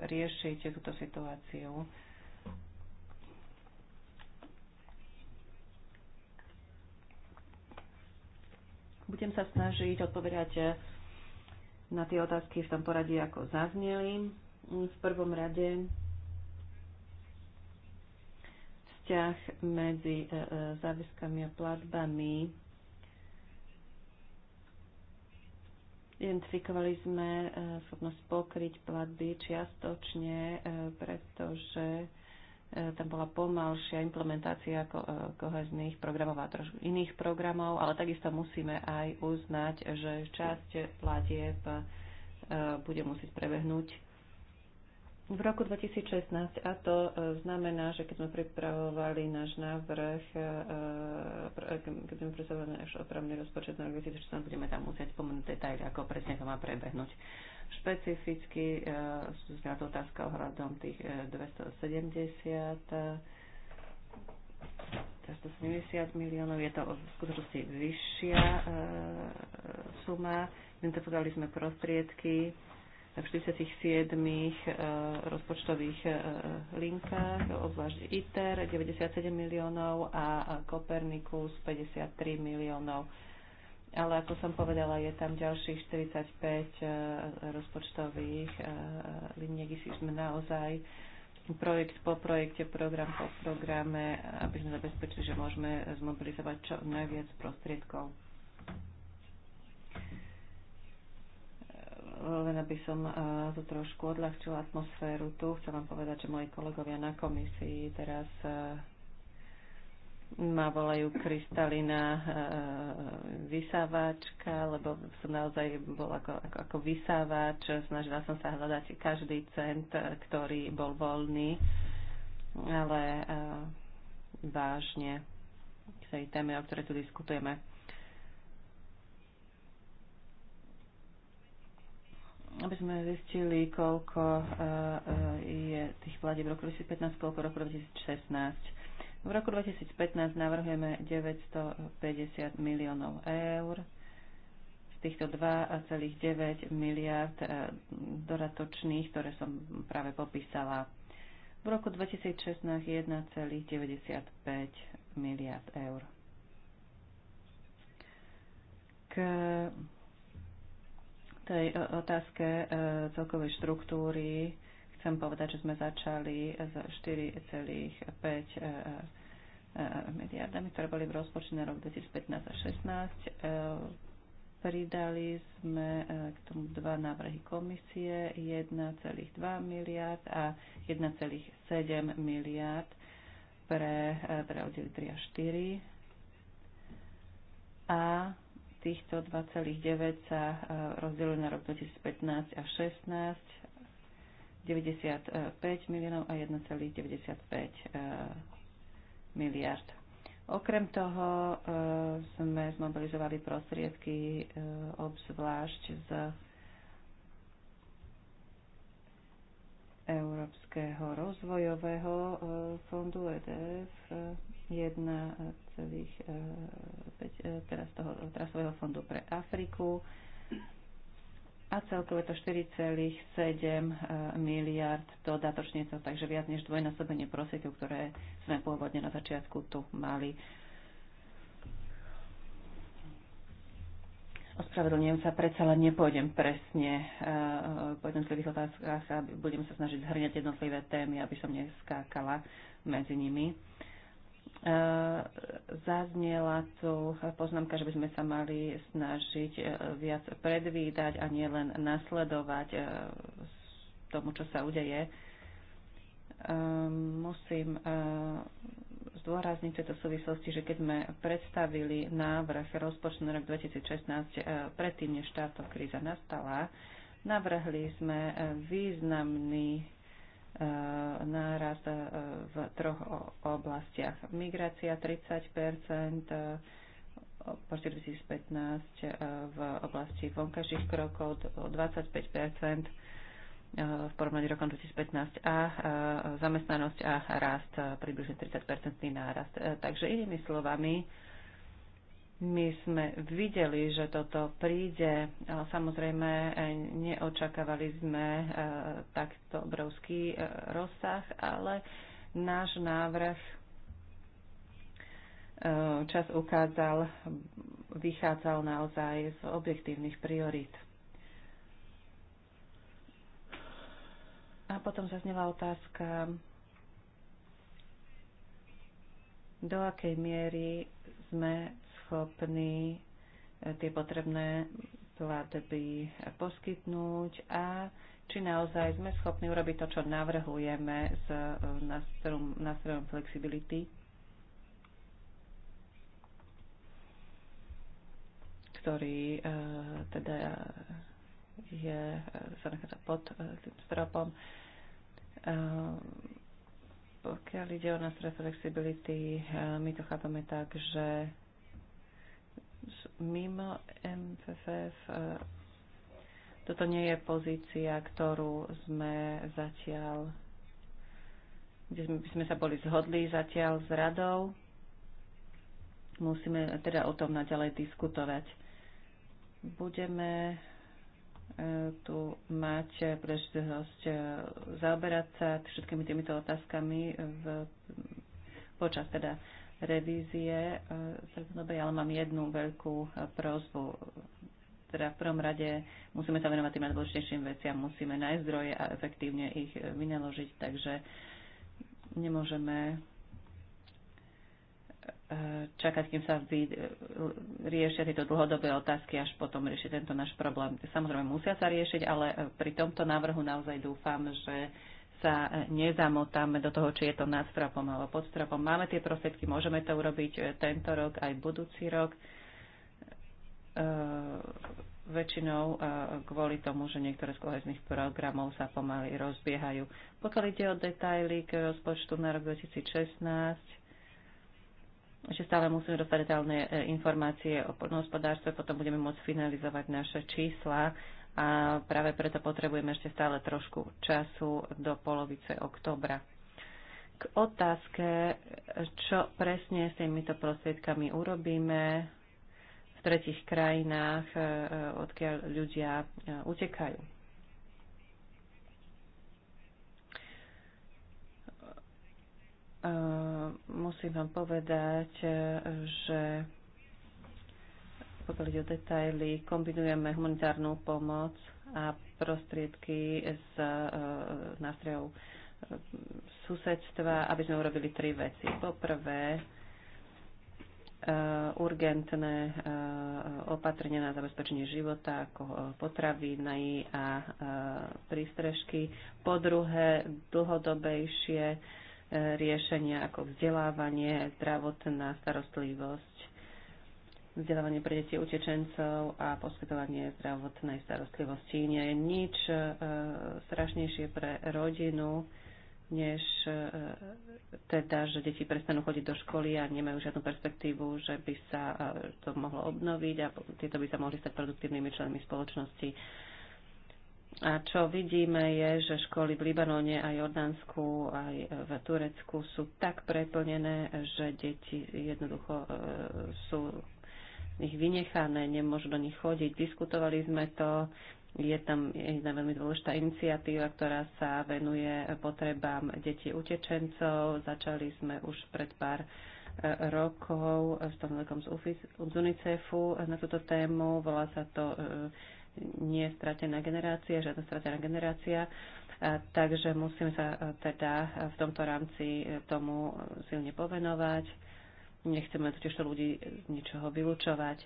riešiť túto situáciu. Budem sa snažiť odpovedať na tie otázky v tom poradí, ako zazneli. V prvom rade vzťah medzi e, e, záväzkami a platbami. Identifikovali sme e, schopnosť pokryť platby čiastočne, pretože tam bola pomalšia implementácia kohezných programov a trošku iných programov, ale takisto musíme aj uznať, že časť platieb bude musieť prebehnúť v roku 2016 a to e, znamená, že keď sme pripravovali náš návrh, e, e, keď sme pripravovali náš opravný rozpočet na rok 2016, budeme tam musieť spomenúť detaily, ako presne to má prebehnúť. Špecificky zňa otázka ohľadom tých 270 270 miliónov, je to v skutočnosti vyššia suma. Identifikovali sme prostriedky v 47 eh, rozpočtových eh, eh, linkách, obzvlášť ITER 97 miliónov a Kopernikus 53 miliónov. Ale ako som povedala, je tam ďalších 45 rozpočtových liniek, sme naozaj projekt po projekte, program po programe, aby sme zabezpečili, že môžeme zmobilizovať čo najviac prostriedkov. len aby som eh, to trošku odľahčila atmosféru tu, chcem vám povedať, že moji kolegovia na komisii teraz eh, ma volajú Kristalina eh, vysávačka, lebo som naozaj bol ako, ako, ako vysávač. Snažila som sa hľadať každý cent, ktorý bol voľný, ale vážne k tej téme, o ktorej tu diskutujeme. aby sme zistili, koľko eh, je tých platieb v roku 2015, koľko v roku 2016. V roku 2015 navrhujeme 950 miliónov eur. Z týchto 2,9 miliard eh, doratočných, ktoré som práve popísala. V roku 2016 1,95 miliard eur. K tej e, otázke e, celkovej štruktúry chcem povedať, že sme začali s 4,5 e, miliardami, ktoré boli v rozpočte na rok 2015 a 2016. Pridali sme k tomu dva návrhy komisie, 1,2 miliard a 1,7 miliard pre teda 3 a 4 a týchto 2,9 sa e, rozdeľuje na rok 2015 a 16, 95 miliónov a 1,95 e, miliard. Okrem toho e, sme zmobilizovali prostriedky obzvlášť z Európskeho rozvojového eh, fondu e eh, EDF 1,5 eh, teraz toho trasového fondu pre Afriku a celkové to 4,7 miliard dodatočne, takže viac než dvojnásobenie prosiekov, ktoré sme pôvodne na začiatku tu mali. Ospravedlňujem sa, predsa len nepôjdem presne eh, po jednotlivých otázkach a budem sa snažiť zhrňať jednotlivé témy, aby som neskákala medzi nimi. Eh, zaznela tu poznámka, že by sme sa mali snažiť eh, viac predvídať a nielen nasledovať tomu, čo sa udeje. Musím zdôrazniť v tejto súvislosti, že keď sme predstavili návrh rozpočtu na rok 2016 eh, predtým, než táto kríza nastala, navrhli sme eh, významný eh, nárast v troch oblastiach. Migrácia 30 oproti 2015 v oblasti vonkajších krokov o 25 v porovnaní rokom 2015 a e, zamestnanosť a rast, e, približne 30-percentný nárast. E, takže inými slovami, my sme videli, že toto príde. Samozrejme, neočakávali sme takto obrovský rozsah, ale náš návrh čas ukázal, vychádzal naozaj z objektívnych priorít. A potom zaznela otázka, do akej miery sme schopní e, tie potrebné platby poskytnúť a či naozaj sme schopní urobiť to, čo navrhujeme s e, nástrojom, flexibility, ktorý e, teda je, sa nachádza pod tým stropom. Ehm, pokiaľ ide o nás reflexibility, ehm, my to chápame tak, že mimo MFF ehm, toto nie je pozícia, ktorú sme zatiaľ, kde by sme sa boli zhodli zatiaľ s radou. Musíme teda o tom naďalej diskutovať. Budeme tu mať eh, príležitosť eh, zaoberať sa všetkými týmito otázkami v, počas teda revízie eh, strednodobej, ale mám jednu veľkú prozbu. Teda v prvom rade musíme sa venovať tým najdôležitejším veciam, musíme nájsť zdroje a efektívne ich vynaložiť, takže nemôžeme čakať, kým sa vy e, riešia tieto dlhodobé otázky, až potom riešiť tento náš problém. Samozrejme, musia sa riešiť, ale e, pri tomto návrhu naozaj dúfam, že sa e, nezamotáme do toho, či je to nad stropom alebo pod stropom. Máme tie prostriedky, môžeme to urobiť tento rok, aj budúci rok. väčšinou kvôli tomu, že niektoré z kohezných programov sa pomaly rozbiehajú. Pokiaľ ide o detaily k rozpočtu na rok 2016, že stále musíme dostať detálne informácie o poľnohospodárstve, potom budeme môcť finalizovať naše čísla a práve preto potrebujeme ešte stále trošku času do polovice oktobra. K otázke, čo presne s týmito prostriedkami urobíme v tretich krajinách, e, e, odkiaľ ľudia e, utekajú musím vám povedať, e, že pokiaľ ide o detaily, kombinujeme humanitárnu pomoc a prostriedky z e, nástrojov e, susedstva, aby sme urobili tri veci. Poprvé, urgentné opatrenia na zabezpečenie života, ako potraviny a prístrežky. Po druhé, dlhodobejšie riešenia ako vzdelávanie, zdravotná starostlivosť, vzdelávanie pre deti utečencov a poskytovanie zdravotnej starostlivosti. Nie je nič e, strašnejšie pre rodinu, než e, teda, že deti prestanú chodiť do školy a nemajú žiadnu perspektívu, že by sa e, to mohlo obnoviť a tieto by sa mohli stať produktívnymi členmi spoločnosti a čo vidíme je, že školy v Libanone aj Jordánsku aj v Turecku sú tak preplnené, že deti jednoducho e, sú ich vynechané, nemôžu do nich chodiť. Diskutovali sme to, je tam jedna veľmi dôležitá iniciatíva, ktorá sa venuje potrebám detí utečencov. Začali sme už pred pár e, rokov s tom z UNICEFu na túto tému. Volá sa to e, nie je stratená generácia, žiadna stratená generácia. Takže musím sa e, teda v tomto rámci e, tomu silne povenovať. Nechceme totiž to ľudí z ničoho vylúčovať.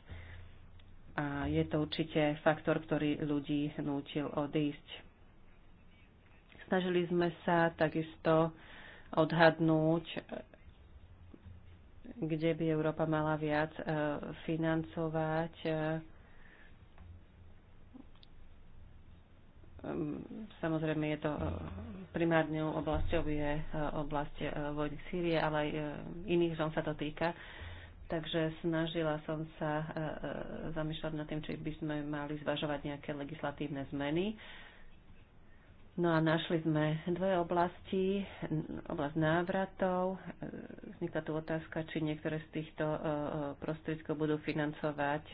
A je to určite faktor, ktorý ľudí nútil odísť. Snažili sme sa takisto odhadnúť, kde by Európa mala viac e, financovať Ehm, samozrejme je to e, primárnou oblasťou je e, oblasť e, vojny Sýrie, ale aj iných zón sa to týka. Takže snažila som sa zamýšľať nad tým, či by sme mali zvažovať nejaké legislatívne zmeny. No a našli sme dve oblasti, oblasť návratov. Vznikla tu otázka, či niektoré z týchto prostriedkov budú financovať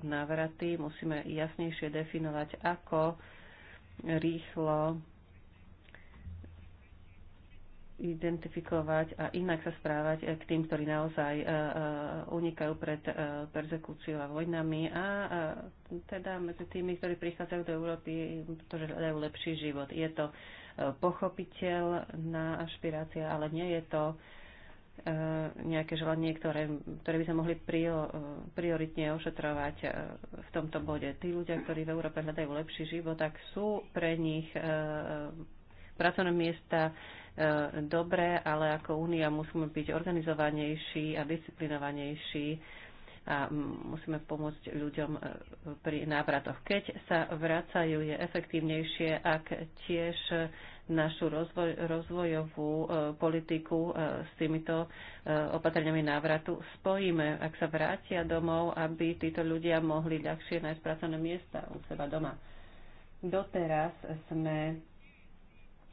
návraty. Musíme jasnejšie definovať, ako rýchlo identifikovať a inak sa správať k tým, ktorí naozaj e, e, unikajú pred e, persekúciou a vojnami a teda medzi tými, ktorí prichádzajú do Európy, pretože hľadajú lepší život. Je to pochopiteľná ašpirácia, ale nie je to E, nejaké želanie, ktoré, ktoré by sa mohli prior, e, prioritne ošetrovať e, v tomto bode. Tí ľudia, ktorí v Európe hľadajú lepší život, tak sú pre nich pracovné miesta dobré, ale ako únia musíme byť organizovanejší a disciplinovanejší a musíme pomôcť ľuďom e, pri návratoch. Keď sa vracajú, je efektívnejšie, ak tiež našu rozvoj, rozvojovú e, politiku e, s týmito opatreniami návratu spojíme, ak sa vrátia domov, aby títo ľudia mohli ľahšie nájsť pracovné miesta u seba doma. Doteraz sme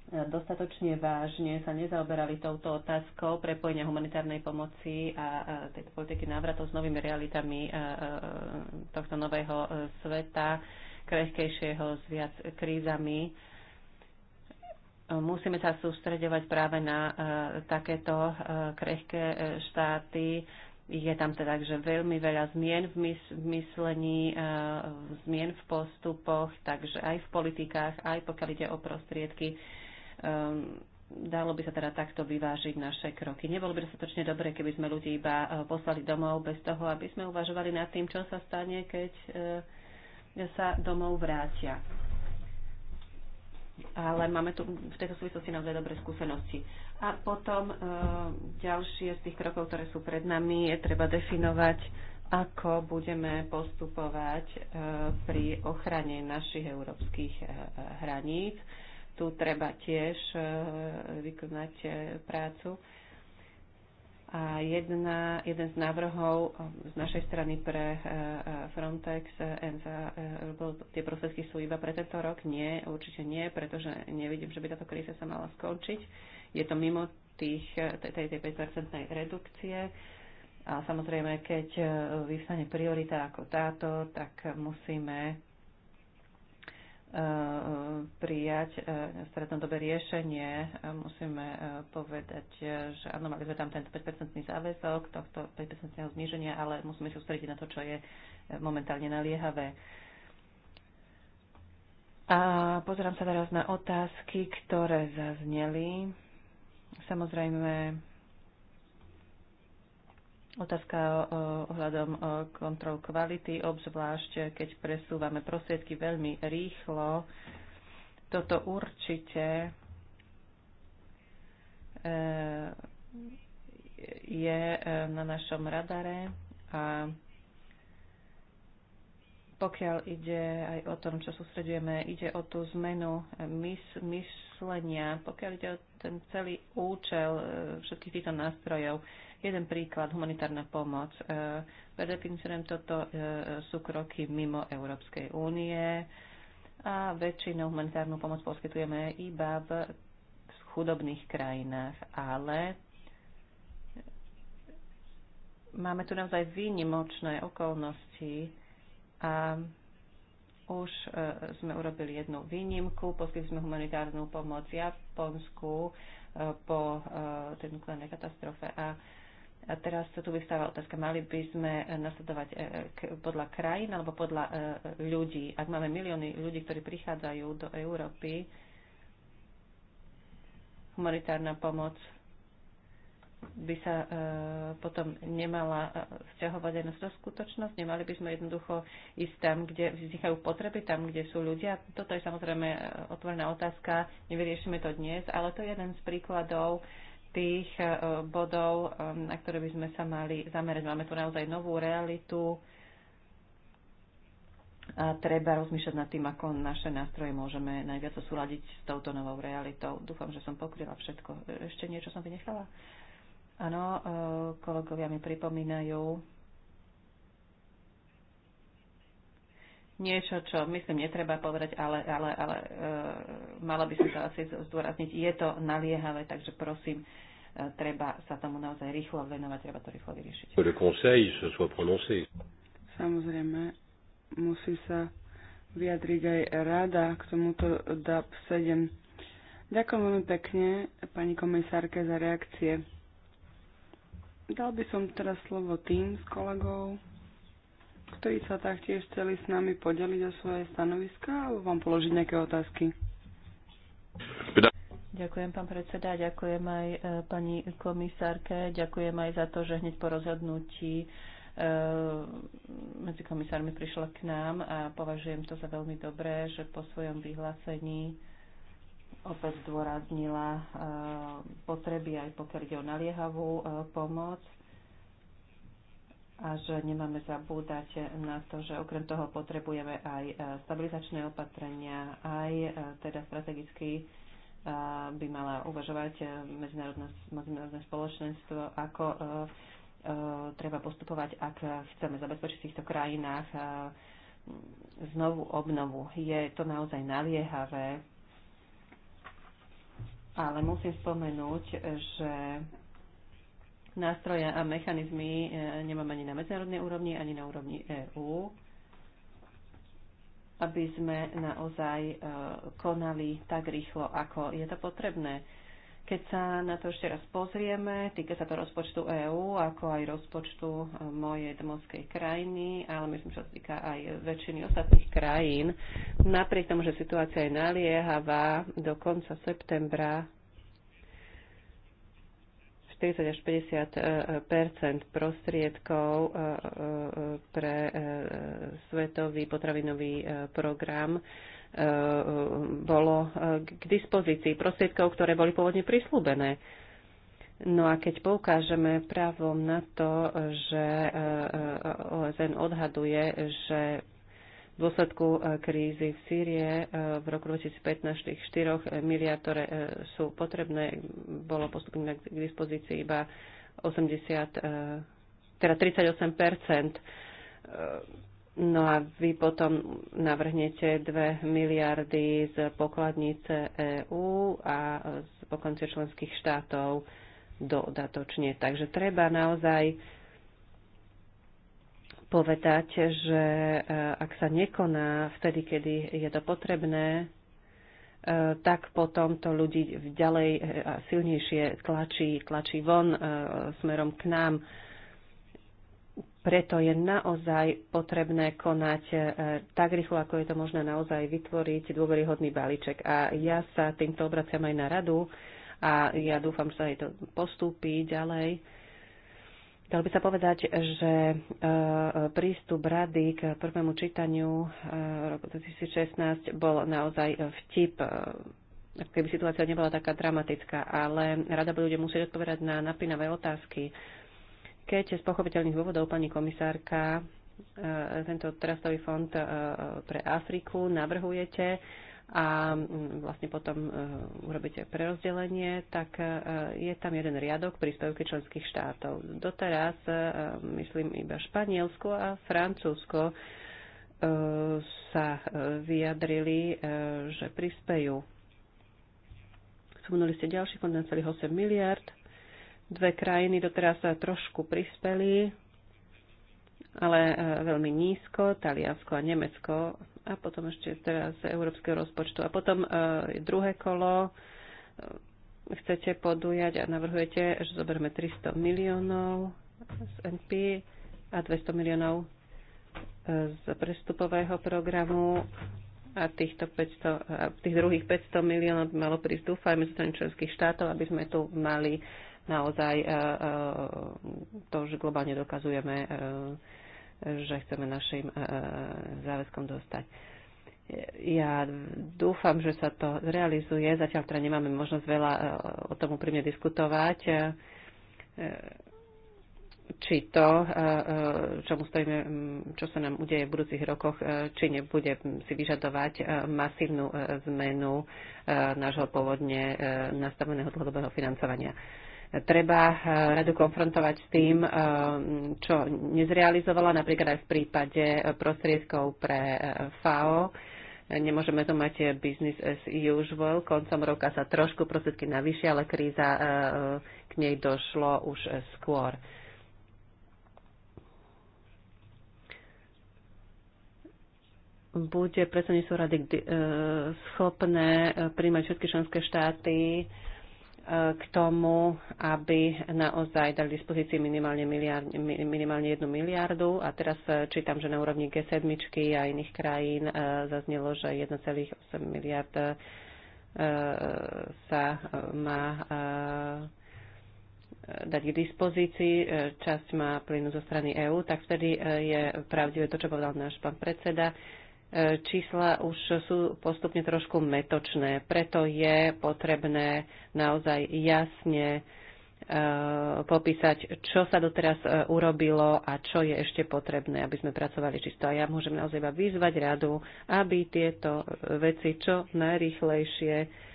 dostatočne vážne sa nezaoberali touto otázkou prepojenia humanitárnej pomoci a tejto politiky návratov s novými realitami tohto nového e, sveta, krehkejšieho s viac krízami. Musíme sa sústredovať práve na e, takéto e, krehké štáty. Je tam teda že veľmi veľa zmien v, mys- v myslení, zmien v postupoch, takže aj v politikách, aj pokiaľ ide o prostriedky Ehm, dalo by sa teda takto vyvážiť naše kroky. Nebolo by dostatočne dobre, keby sme ľudí iba e, poslali domov bez toho, aby sme uvažovali nad tým, čo sa stane, keď e, sa domov vrátia. Ale máme tu v tejto súvislosti naozaj dobré skúsenosti. A potom e, ďalšie z tých krokov, ktoré sú pred nami, je treba definovať, ako budeme postupovať pri ochrane našich európskych hraníc tu treba tiež e, vykonať e, prácu. A jedna, jeden z návrhov e, z našej strany pre Frontex NSA, tie prostriedky sú iba pre tento rok? Nie, určite nie, pretože nevidím, že by táto kríza sa mala skončiť. Je to mimo tých, tej, tej 5-percentnej redukcie. A samozrejme, keď vyvstane priorita ako táto, tak musíme Eh, prijať eh, strednodobé riešenie. Eh, musíme povedať, že áno, mali sme tam ten 5-percentný záväzok tohto 5-percentného zníženia, ale musíme si sústrediť na to, čo je momentálne naliehavé. A pozerám sa teraz na otázky, ktoré zazneli. Samozrejme, Otázka e, ohľadom e, kontrol kvality, obzvlášť e, keď presúvame prostriedky veľmi rýchlo. Toto určite je na našom radare a pokiaľ ide aj o tom, čo sústredujeme, ide o tú zmenu mys- myslenia, pokiaľ ide o ten celý účel všetkých týchto nástrojov, Jeden príklad, humanitárna pomoc. E, per definíciu toto e, sú kroky mimo Európskej únie a väčšinou humanitárnu pomoc poskytujeme iba v chudobných krajinách, ale máme tu naozaj výnimočné okolnosti a už e, sme urobili jednu výnimku, poskytli sme humanitárnu pomoc Japonsku po tej nukleárnej katastrofe a a teraz tu vystáva otázka, mali by sme eh, nasledovať eh, eh, podľa krajín alebo podľa ľudí. Ak máme milióny ľudí, ktorí prichádzajú do Európy, humanitárna pomoc by sa e, potom nemala vzťahovať aj na skutočnosť. Nemali by sme jednoducho ísť tam, kde vznikajú potreby, tam, kde sú ľudia. Toto je samozrejme otvorená otázka, nevyriešime to dnes, ale to je jeden z príkladov e, tých e, bodov, e, na ktoré by sme sa mali zamerať. Máme tu naozaj novú realitu a treba rozmýšľať nad tým, ako naše nástroje môžeme najviac súľadiť s touto novou realitou. Dúfam, že som pokryla všetko. E, ešte niečo som vynechala? Áno, kolegovia mi pripomínajú, niečo, čo myslím netreba povedať, ale, ale, ale e, mala by som to asi zdôrazniť. Je to naliehavé, takže prosím, treba sa tomu naozaj rýchlo venovať, treba to rýchlo vyriešiť. Samozrejme, musí sa vyjadriť aj rada k tomuto DAP 7. Ďakujem veľmi pekne pani komisárke za reakcie. Dal by som teraz slovo tým s kolegov, ktorí sa taktiež chceli s nami podeliť o svoje stanoviska alebo vám položiť nejaké otázky. Ďakujem, pán predseda, ďakujem aj e, pani komisárke, ďakujem aj za to, že hneď po rozhodnutí e, medzi komisármi prišla k nám a považujem to za veľmi dobré, že po svojom vyhlásení opäť zdôraznila e, potreby aj pokiaľ ide o naliehavú pomoc a že nemáme zabúdať na to, že okrem toho potrebujeme aj stabilizačné opatrenia, aj teda strategický by mala uvažovať e, medzinárodné, medzinárodné spoločenstvo, ako e, e, treba postupovať, ak chceme zabezpečiť v týchto krajinách znovu obnovu. Je to naozaj naliehavé, ale musím spomenúť, že nástroje a mechanizmy nemáme ani na medzinárodnej úrovni, ani na úrovni EÚ aby sme naozaj e, konali tak rýchlo, ako je to potrebné. Keď sa na to ešte raz pozrieme, týka sa to rozpočtu EÚ, ako aj rozpočtu e, mojej domovskej krajiny, ale myslím, čo sa týka aj väčšiny ostatných krajín. Napriek tomu, že situácia je naliehavá, do konca septembra 40 až 50 eh, eh, prostriedkov eh, pre svetový potravinový program bolo k dispozícii prostriedkov, ktoré boli pôvodne prislúbené. No a keď poukážeme právom na to, že OSN odhaduje, že v dôsledku e, krízy v Sýrie e, v roku 2015 tých 4 e, miliard, ktoré sú potrebné, bolo postupne k dispozícii iba 80, teda 38 No a vy potom navrhnete 2 miliardy z pokladnice EÚ a z pokladnice členských štátov dodatočne. Takže treba naozaj povedať, že eh, ak sa nekoná vtedy, kedy je to potrebné, eh, tak potom to ľudí ďalej eh, a silnejšie tlačí, tlačí von smerom k nám. Preto je naozaj potrebné konať tak rýchlo, ako je to možné naozaj vytvoriť dôveryhodný balíček. A ja sa týmto obraciam aj na radu a ja dúfam, že sa aj to postúpi ďalej Dalo by sa povedať, že e, e, prístup rady k prvému čítaniu e, roku 2016 bol naozaj vtip ako keby situácia nebola taká dramatická, ale rada bude musieť odpovedať na napínavé otázky. Keď z pochopiteľných dôvodov pani komisárka tento trastový fond pre Afriku navrhujete, a mm, vlastne potom e, urobíte prerozdelenie, tak e, je tam jeden riadok príspevky členských štátov. Doteraz, e, myslím, iba Španielsko a Francúzsko sa vyjadrili, že prispejú. Spomenuli ste ďalší fond na celých 8 miliard. Dve krajiny doteraz sa trošku prispeli, ale veľmi nízko, Taliansko a Nemecko a potom ešte teraz európskeho rozpočtu. A potom e, druhé kolo e, chcete podujať a navrhujete, že zoberieme 300 miliónov z NP a 200 miliónov e, z prestupového programu a týchto 500, a tých druhých 500 miliónov by malo prísť, dúfajme, zo strany členských štátov, aby sme tu mali naozaj to, že globálne dokazujeme že chceme našim e, e, záväzkom dostať. Ja dúfam, že sa to zrealizuje. Zatiaľ teda nemáme možnosť veľa e, o tom úprimne diskutovať. Či to, čomu stojíme, čo sa nám udeje v budúcich rokoch, či nebude si vyžadovať masívnu zmenu nášho pôvodne nastaveného dlhodobého financovania treba eh, radu konfrontovať s tým, eh, čo nezrealizovala, napríklad aj v prípade eh, prostriedkov pre FAO. Nemôžeme to mať business as usual. Koncom roka sa trošku prostriedky navyšia, ale kríza k nej došlo už skôr. Bude predsedníctvo rady schopné príjmať všetky členské štáty k tomu, aby naozaj dali dispozícii minimálne, miliard, minimálne jednu miliardu. A teraz eh, čítam, že na úrovni G7 a iných krajín eh, zaznelo, že 1,8 miliard eh, sa má dať k dispozícii, časť má plynu zo strany EÚ, tak vtedy je pravdivé to, čo povedal náš pán predseda, čísla už sú postupne trošku metočné. Preto je potrebné naozaj jasne e, popísať, čo sa doteraz e, urobilo a čo je ešte potrebné, aby sme pracovali čisto. A ja môžem naozaj iba vyzvať radu, aby tieto e, veci čo najrychlejšie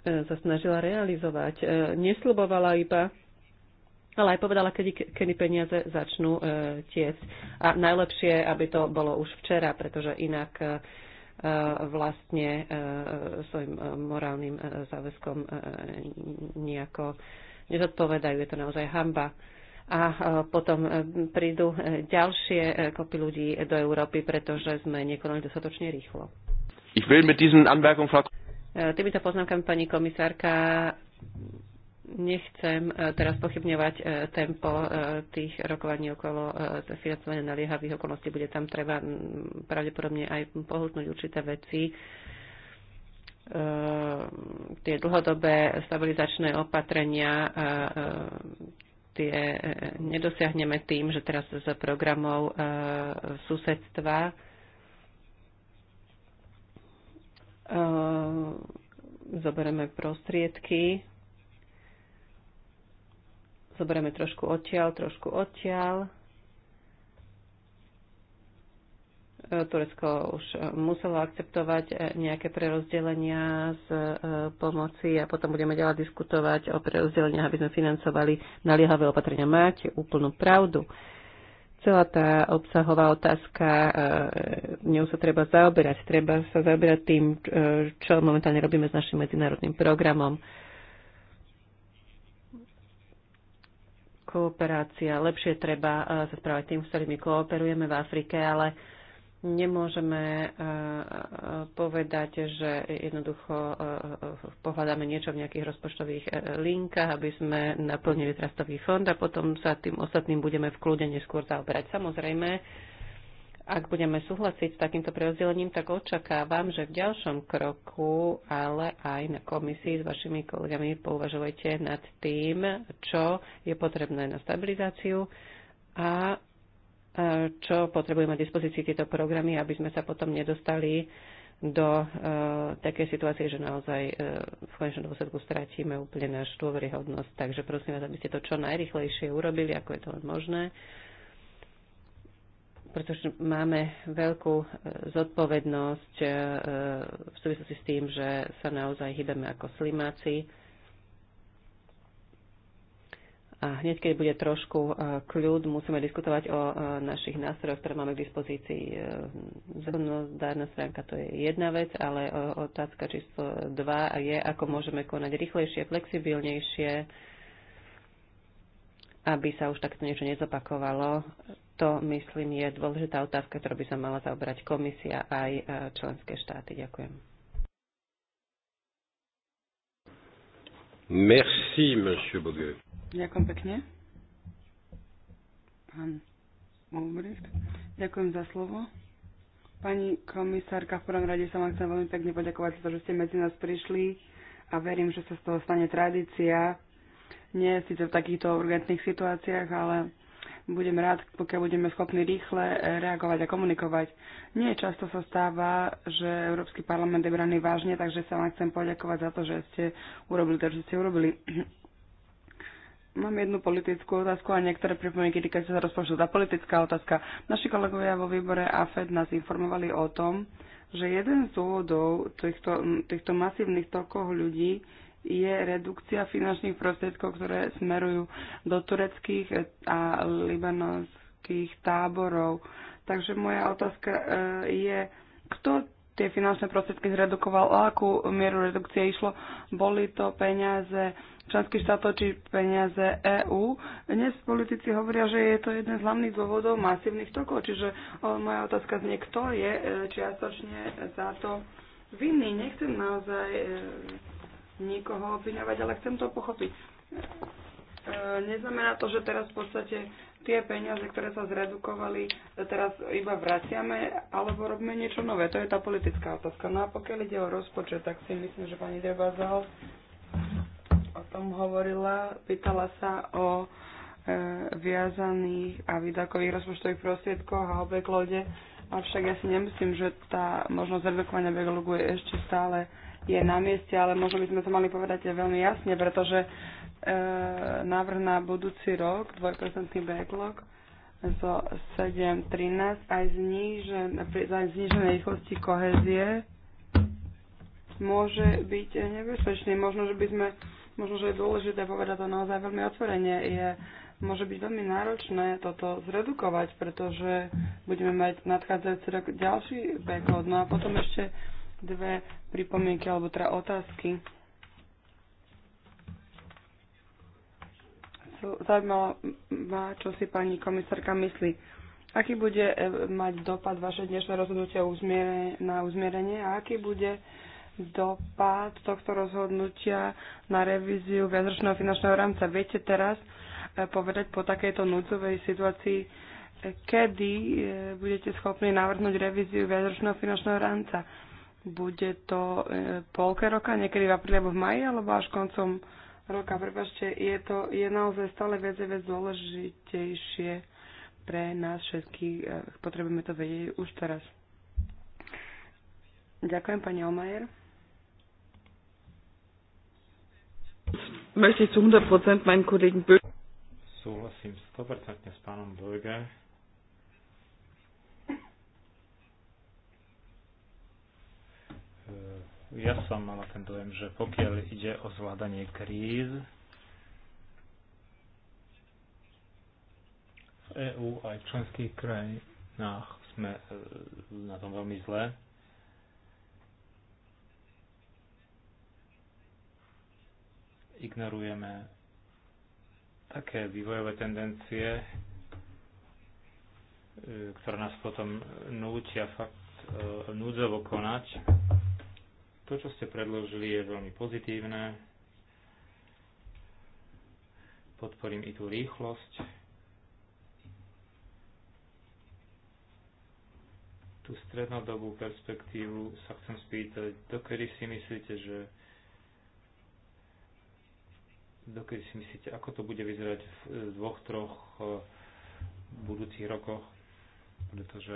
sa snažila realizovať. Nesľubovala iba ale aj povedala, kedy, kedy peniaze začnú e, tiecť. A najlepšie, aby to bolo už včera, pretože inak e, vlastne e, svojim e, morálnym e, záväzkom e, nejako nezodpovedajú. Je to naozaj hamba. A e, potom e, prídu e, ďalšie e, kopy ľudí do Európy, pretože sme nekonali dostatočne rýchlo. Ich will mit diesen Anmerkungen... E, týmito poznámkami, pani komisárka, nechcem e, teraz pochybňovať e, tempo e, tých rokovaní okolo financovania naliehavých okolností. Bude tam treba pravdepodobne aj pohltnúť určité veci. Tie dlhodobé stabilizačné opatrenia, tie nedosiahneme tým, že teraz z programov susedstva zoberieme prostriedky zoberieme trošku odtiaľ, trošku odtiaľ. E, Turecko už muselo akceptovať e, nejaké prerozdelenia z e, pomoci a potom budeme ďalej diskutovať o prerozdeleniach, aby sme financovali naliehavé opatrenia. Máte úplnú pravdu. Celá tá obsahová otázka, ňou sa treba zaoberať. Treba sa zaoberať tým, čo momentálne robíme s našim medzinárodným programom kooperácia. Lepšie treba e, sa správať tým, s ktorými kooperujeme v Afrike, ale nemôžeme e, e, povedať, že jednoducho pohľadáme niečo v nejakých rozpočtových linkách, aby sme naplnili trastový fond a potom sa tým ostatným budeme v kľude neskôr zaoberať. Samozrejme, ak budeme súhlasiť s takýmto prerozdelením, tak očakávam, že v ďalšom kroku, ale aj na komisii s vašimi kolegami pouvažujete nad tým, čo je potrebné na stabilizáciu a e, čo potrebujeme na dispozícii tieto programy, aby sme sa potom nedostali do e, takej situácie, že naozaj e, v konečnom dôsledku stratíme úplne náš dôveryhodnosť. Takže prosím vás, aby ste to čo najrychlejšie urobili, ako je to len možné. E, pretože máme veľkú e, zodpovednosť e, e, v súvislosti s tým, že sa naozaj hýbeme ako slimáci. A hneď, keď bude trošku kľud, musíme diskutovať o našich nástrojoch, ktoré máme k dispozícii. Zákonodárna stránka to je jedna vec, ale otázka číslo dva je, ako môžeme konať rýchlejšie, flexibilnejšie, aby sa už takto niečo nezopakovalo. To, myslím, je dôležitá otázka, ktorú by sa mala zaoberať komisia aj e, členské štáty. Ďakujem. Merci, monsieur Bogue. Ďakujem pekne. Pán Olbricht, ďakujem za slovo. Pani komisárka, v prvom rade sa vám chcem veľmi pekne poďakovať za to, že ste medzi nás prišli a verím, že sa z toho stane tradícia nie síce v takýchto urgentných situáciách, ale budem rád, pokiaľ budeme schopní rýchle eh, reagovať a komunikovať. Nie často sa stáva, že Európsky parlament je braný vážne, takže sa vám chcem poďakovať za to, že ste urobili to, čo ste urobili. Mám jednu politickú otázku a niektoré pripomienky týkajú sa rozpočtu. Tá politická otázka. Naši kolegovia vo výbore AFED nás informovali o tom, že jeden z dôvodov týchto, týchto masívnych tokov ľudí je redukcia finančných prostriedkov, ktoré smerujú do tureckých a libanonských táborov. Takže moja otázka e, je, kto tie finančné prostriedky zredukoval, o akú mieru redukcie išlo, boli to peniaze členských štátov či peniaze EÚ. Dnes politici hovoria, že je to jeden z hlavných dôvodov masívnych tokov, čiže o, moja otázka znie, kto je e, čiastočne za to vinný. Nechcem naozaj e, nikoho obviňovať, ale chcem to pochopiť. E, neznamená to, že teraz v podstate tie peniaze, ktoré sa zredukovali, teraz iba vraciame, alebo robíme niečo nové. To je tá politická otázka. No a pokiaľ ide o rozpočet, tak si myslím, že pani Debazal o tom hovorila, pýtala sa o e, viazaných a výdakových rozpočtových prostriedkoch a o backloade. Avšak ja si nemyslím, že tá možnosť redukovania backlogu je ešte stále je na mieste, ale možno by sme to mali povedať veľmi jasne, pretože e, návrh na budúci rok, 2% backlog, zo 7.13 aj, znižené zníženej rýchlosti kohezie môže byť nebezpečný. Možno, že by sme, možno, že je dôležité povedať to naozaj veľmi otvorene. Je, môže byť veľmi náročné toto zredukovať, pretože budeme mať nadchádzajúci rok ďalší backlog. No a potom ešte dve pripomienky alebo teda otázky. Zaujímalo ma, čo si pani komisárka myslí. Aký bude e, mať dopad vaše dnešné rozhodnutie na uzmierenie a aký bude dopad tohto rozhodnutia na revíziu viacročného finančného rámca? Viete teraz e, povedať po takejto núdzovej situácii, e, kedy budete schopní navrhnúť revíziu viacročného finančného rámca? Bude to e, polke roka, niekedy v apríli alebo v maji, alebo až koncom roka. Prepašte, je to je naozaj stále viac a viac dôležitejšie pre nás všetkých. E, potrebujeme to vedieť už teraz. Ďakujem, pani Olmajer. Möchte ich zu 100% meinen Kollegen Böge. Súhlasím 100% s pánom Böge E, ja som mal ten dojem, že pokiaľ ide o zvládanie kríz, v EÚ aj v členských krajinách sme e, na tom veľmi zle. Ignorujeme také vývojové tendencie, e, ktoré nás potom nútia fakt núdzovo konať to, čo ste predložili, je veľmi pozitívne. Podporím i tú rýchlosť. Tú strednodobú perspektívu sa chcem spýtať, dokedy si myslíte, že dokedy si myslíte, ako to bude vyzerať v dvoch, troch e, budúcich rokoch, pretože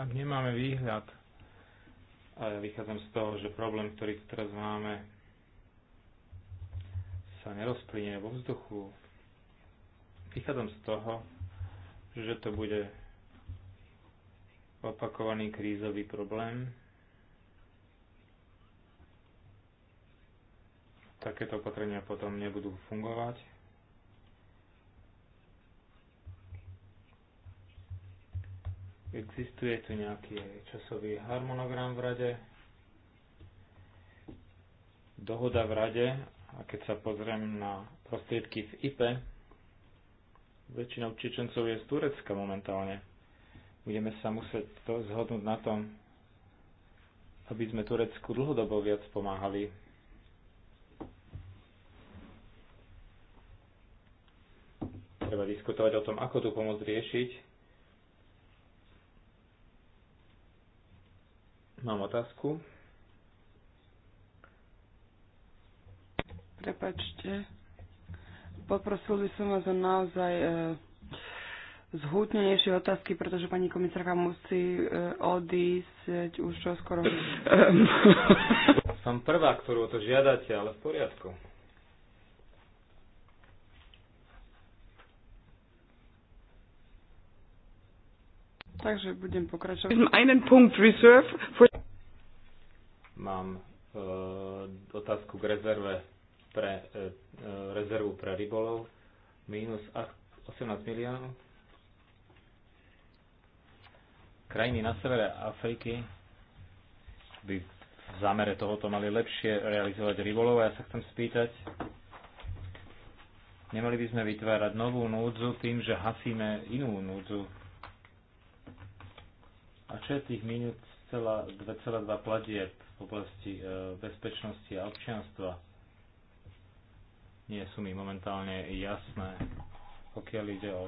ak nemáme výhľad a ja vychádzam z toho, že problém, ktorý tu teraz máme, sa nerozplynie vo vzduchu. Vychádzam z toho, že to bude opakovaný krízový problém. Takéto opatrenia potom nebudú fungovať. Existuje tu nejaký časový harmonogram v rade? Dohoda v rade, a keď sa pozriem na prostriedky v IPE, väčšinou Čečencov je z Turecka momentálne. Budeme sa musieť to zhodnúť na tom, aby sme Turecku dlhodobo viac pomáhali. Treba diskutovať o tom, ako tú pomoc riešiť, Mám otázku. Prepačte. Poprosil by som vás o naozaj e, zhutnenejšie otázky, pretože pani komisárka musí e, odísť už čo skoro. Som prvá, ktorú o to žiadate, ale v poriadku. Takže budem pokračovať. Einen Punkt Reserve for Mám e, otázku k rezerve pre, e, rezervu pre rybolov. Minus 18 miliónov. Krajiny na severe Afriky by v zámere tohoto mali lepšie realizovať rybolov a ja sa chcem spýtať, nemali by sme vytvárať novú núdzu tým, že hasíme inú núdzu. A čo je tých minút 2,2 platieb oblasti e, bezpečnosti a občianstva nie sú mi momentálne jasné. Pokiaľ ide o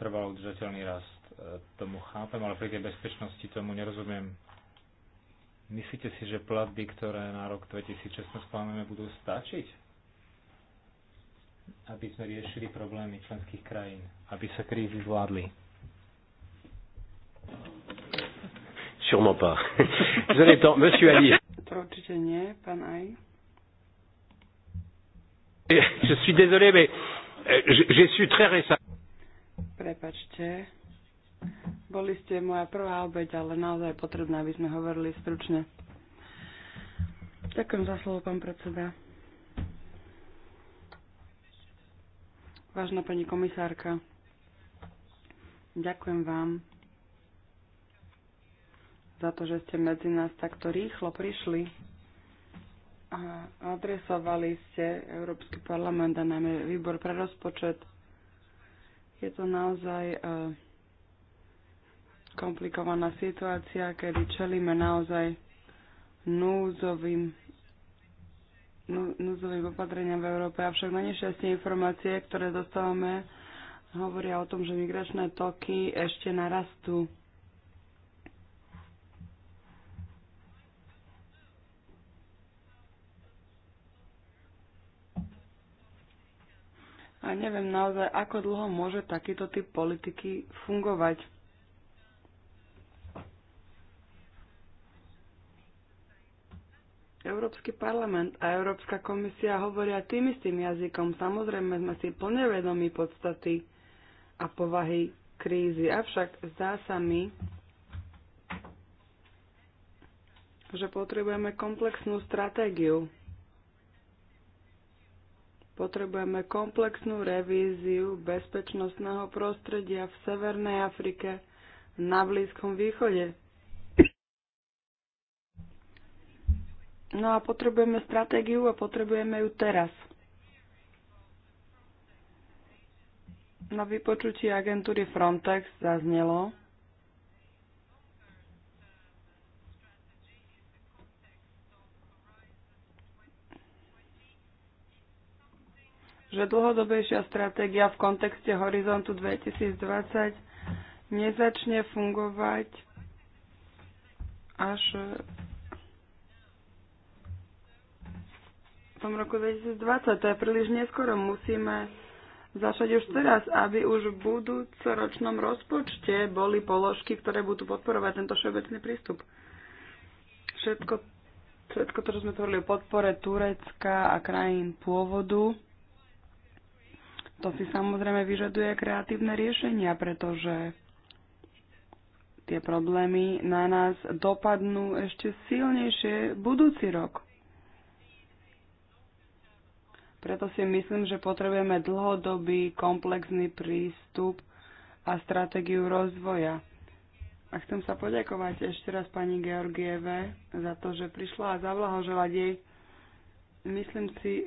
trvalý udržateľný rast, e, tomu chápem, ale pri tej bezpečnosti tomu nerozumiem. Myslíte si, že platby, ktoré na rok 2016 plánujeme, budú stačiť, aby sme riešili problémy členských krajín, aby sa krízy zvládli? Sûrement pas. Vous avez temps. Monsieur Ali. Je suis désolé, mais euh, j'ai su très récemment. Prepačte. Boli ste moja prvá obeď, ale naozaj potrebné, aby sme hovorili stručne. Ďakujem za slovo, pán predseda. Vážna pani komisárka, ďakujem vám za to, že ste medzi nás takto rýchlo prišli a adresovali ste Európsky parlament a najmä výbor pre rozpočet. Je to naozaj e, komplikovaná situácia, kedy čelíme naozaj núzovým núzovým opatreniam v Európe, avšak najnešťastne informácie, ktoré dostávame, hovoria o tom, že migračné toky ešte narastú. a neviem naozaj, ako dlho môže takýto typ politiky fungovať. Európsky parlament a Európska komisia hovoria tým istým jazykom. Samozrejme sme si plne vedomi podstaty a povahy krízy. Avšak zdá sa mi, že potrebujeme komplexnú stratégiu. Potrebujeme komplexnú revíziu bezpečnostného prostredia v Severnej Afrike, na Blízkom východe. No a potrebujeme stratégiu a potrebujeme ju teraz. Na vypočutí agentúry Frontex zaznelo, že dlhodobejšia stratégia v kontexte horizontu 2020 nezačne fungovať až e, v tom roku 2020. To je príliš neskoro. Musíme začať už teraz, aby už v budúcoročnom rozpočte boli položky, ktoré budú podporovať tento všeobecný prístup. Všetko, všetko to, čo sme hovorili o podpore Turecka a krajín pôvodu, to si samozrejme vyžaduje kreatívne riešenia, pretože tie problémy na nás dopadnú ešte silnejšie budúci rok. Preto si myslím, že potrebujeme dlhodobý komplexný prístup a stratégiu rozvoja. A chcem sa poďakovať ešte raz pani Georgieve za to, že prišla a zablahoželať jej. Myslím si,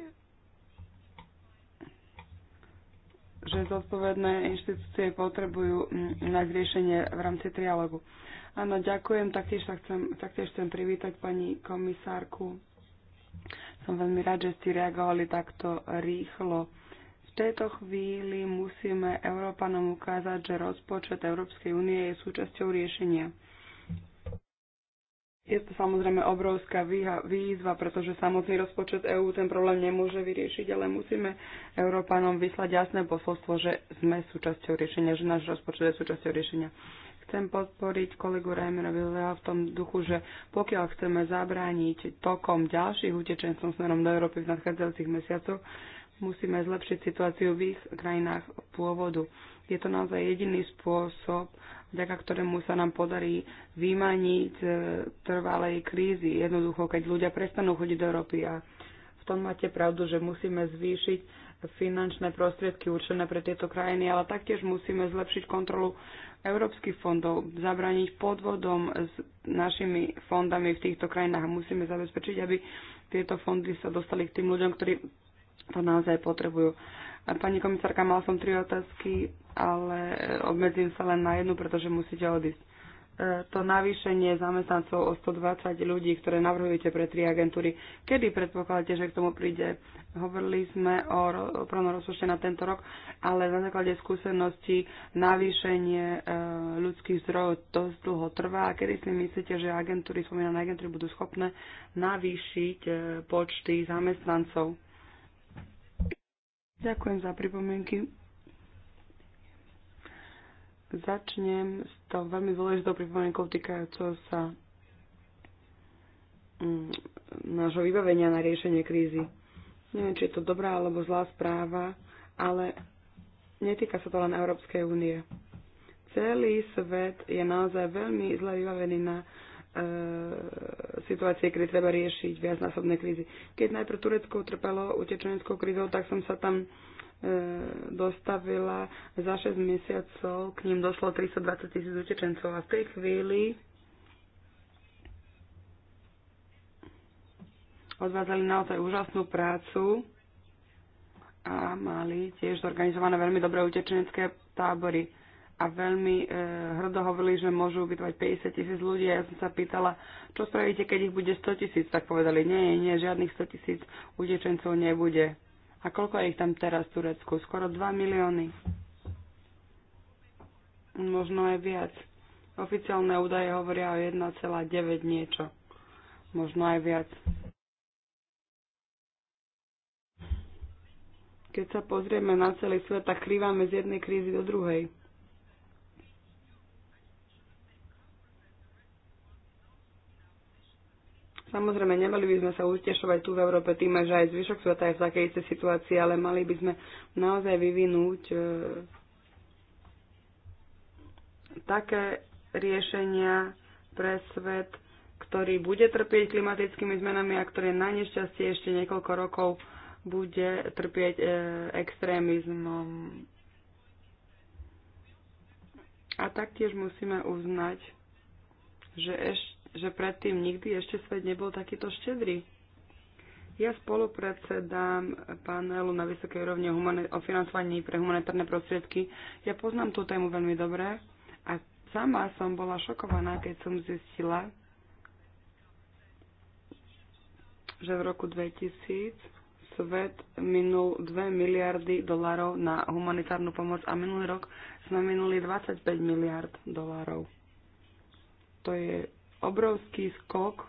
že zodpovedné inštitúcie potrebujú mm, na riešenie v rámci trialogu. Áno, ďakujem. Taktiež, sa chcem, taktiež chcem privítať pani komisárku. Som veľmi rád, že ste reagovali takto rýchlo. V tejto chvíli musíme Európanom ukázať, že rozpočet Európskej únie je súčasťou riešenia. Je to samozrejme obrovská výzva, pretože samotný rozpočet EÚ ten problém nemôže vyriešiť, ale musíme Európanom vyslať jasné posolstvo, že sme súčasťou riešenia, že náš rozpočet je súčasťou riešenia. Chcem podporiť kolegu Reimera v tom duchu, že pokiaľ chceme zabrániť tokom ďalších utečencov smerom do Európy v nadchádzajúcich mesiacoch, musíme zlepšiť situáciu v ich krajinách pôvodu. Je to naozaj jediný spôsob, vďaka ktorému sa nám podarí vymaniť z e, trvalej krízy. Jednoducho, keď ľudia prestanú chodiť do Európy a v tom máte pravdu, že musíme zvýšiť finančné prostriedky určené pre tieto krajiny, ale taktiež musíme zlepšiť kontrolu európskych fondov, zabrániť podvodom s našimi fondami v týchto krajinách a musíme zabezpečiť, aby tieto fondy sa dostali k tým ľuďom, ktorí to naozaj potrebujú. A pani komisárka, mal som tri otázky ale obmedzím sa len na jednu, pretože musíte odísť. E, to navýšenie zamestnancov o 120 ľudí, ktoré navrhujete pre tri agentúry, kedy predpokladáte, že k tomu príde? Hovorili sme o opravnom rozpočte na tento rok, ale na základe skúsenosti navýšenie e, ľudských zdrojov dosť dlho trvá. Kedy si myslíte, že agentúry, spomínané agentúry, budú schopné navýšiť e, počty zamestnancov? Ďakujem za pripomienky. Začnem s tou veľmi dôležitou pripomienkou týkajúcou sa mm, nášho vybavenia na riešenie krízy. Neviem, či je to dobrá alebo zlá správa, ale netýka sa to len Európskej únie. Celý svet je naozaj veľmi zle vybavený na e, situácie, kedy treba riešiť viacnásobné krízy. Keď najprv Turecko utrpelo utečeneckou krízou, tak som sa tam dostavila za 6 mesiacov, k ním došlo 320 tisíc utečencov a v tej chvíli odvádzali naozaj úžasnú prácu a mali tiež zorganizované veľmi dobré utečenecké tábory a veľmi e, hrdo hovorili, že môžu ubytovať 50 tisíc ľudí a ja som sa pýtala, čo spravíte, keď ich bude 100 tisíc, tak povedali, nie, nie, žiadnych 100 tisíc utečencov nebude a koľko je ich tam teraz v Turecku? Skoro 2 milióny. Možno aj viac. Oficiálne údaje hovoria o 1,9 niečo. Možno aj viac. Keď sa pozrieme na celý svet, tak krývame z jednej krízy do druhej. Samozrejme, nemali by sme sa utešovať tu v Európe tým, že aj zvyšok sveta je v takej istej situácii, ale mali by sme naozaj vyvinúť e, také riešenia pre svet, ktorý bude trpieť klimatickými zmenami a ktorý na nešťastie ešte niekoľko rokov bude trpieť e, extrémizmom. A taktiež musíme uznať, že ešte že predtým nikdy ešte svet nebol takýto štedrý. Ja spolupredsedám panelu na vysokej úrovni o financovaní pre humanitárne prostriedky. Ja poznám tú tému veľmi dobre a sama som bola šokovaná, keď som zistila, že v roku 2000 svet minul 2 miliardy dolarov na humanitárnu pomoc a minulý rok sme minuli 25 miliard dolarov. To je obrovský skok,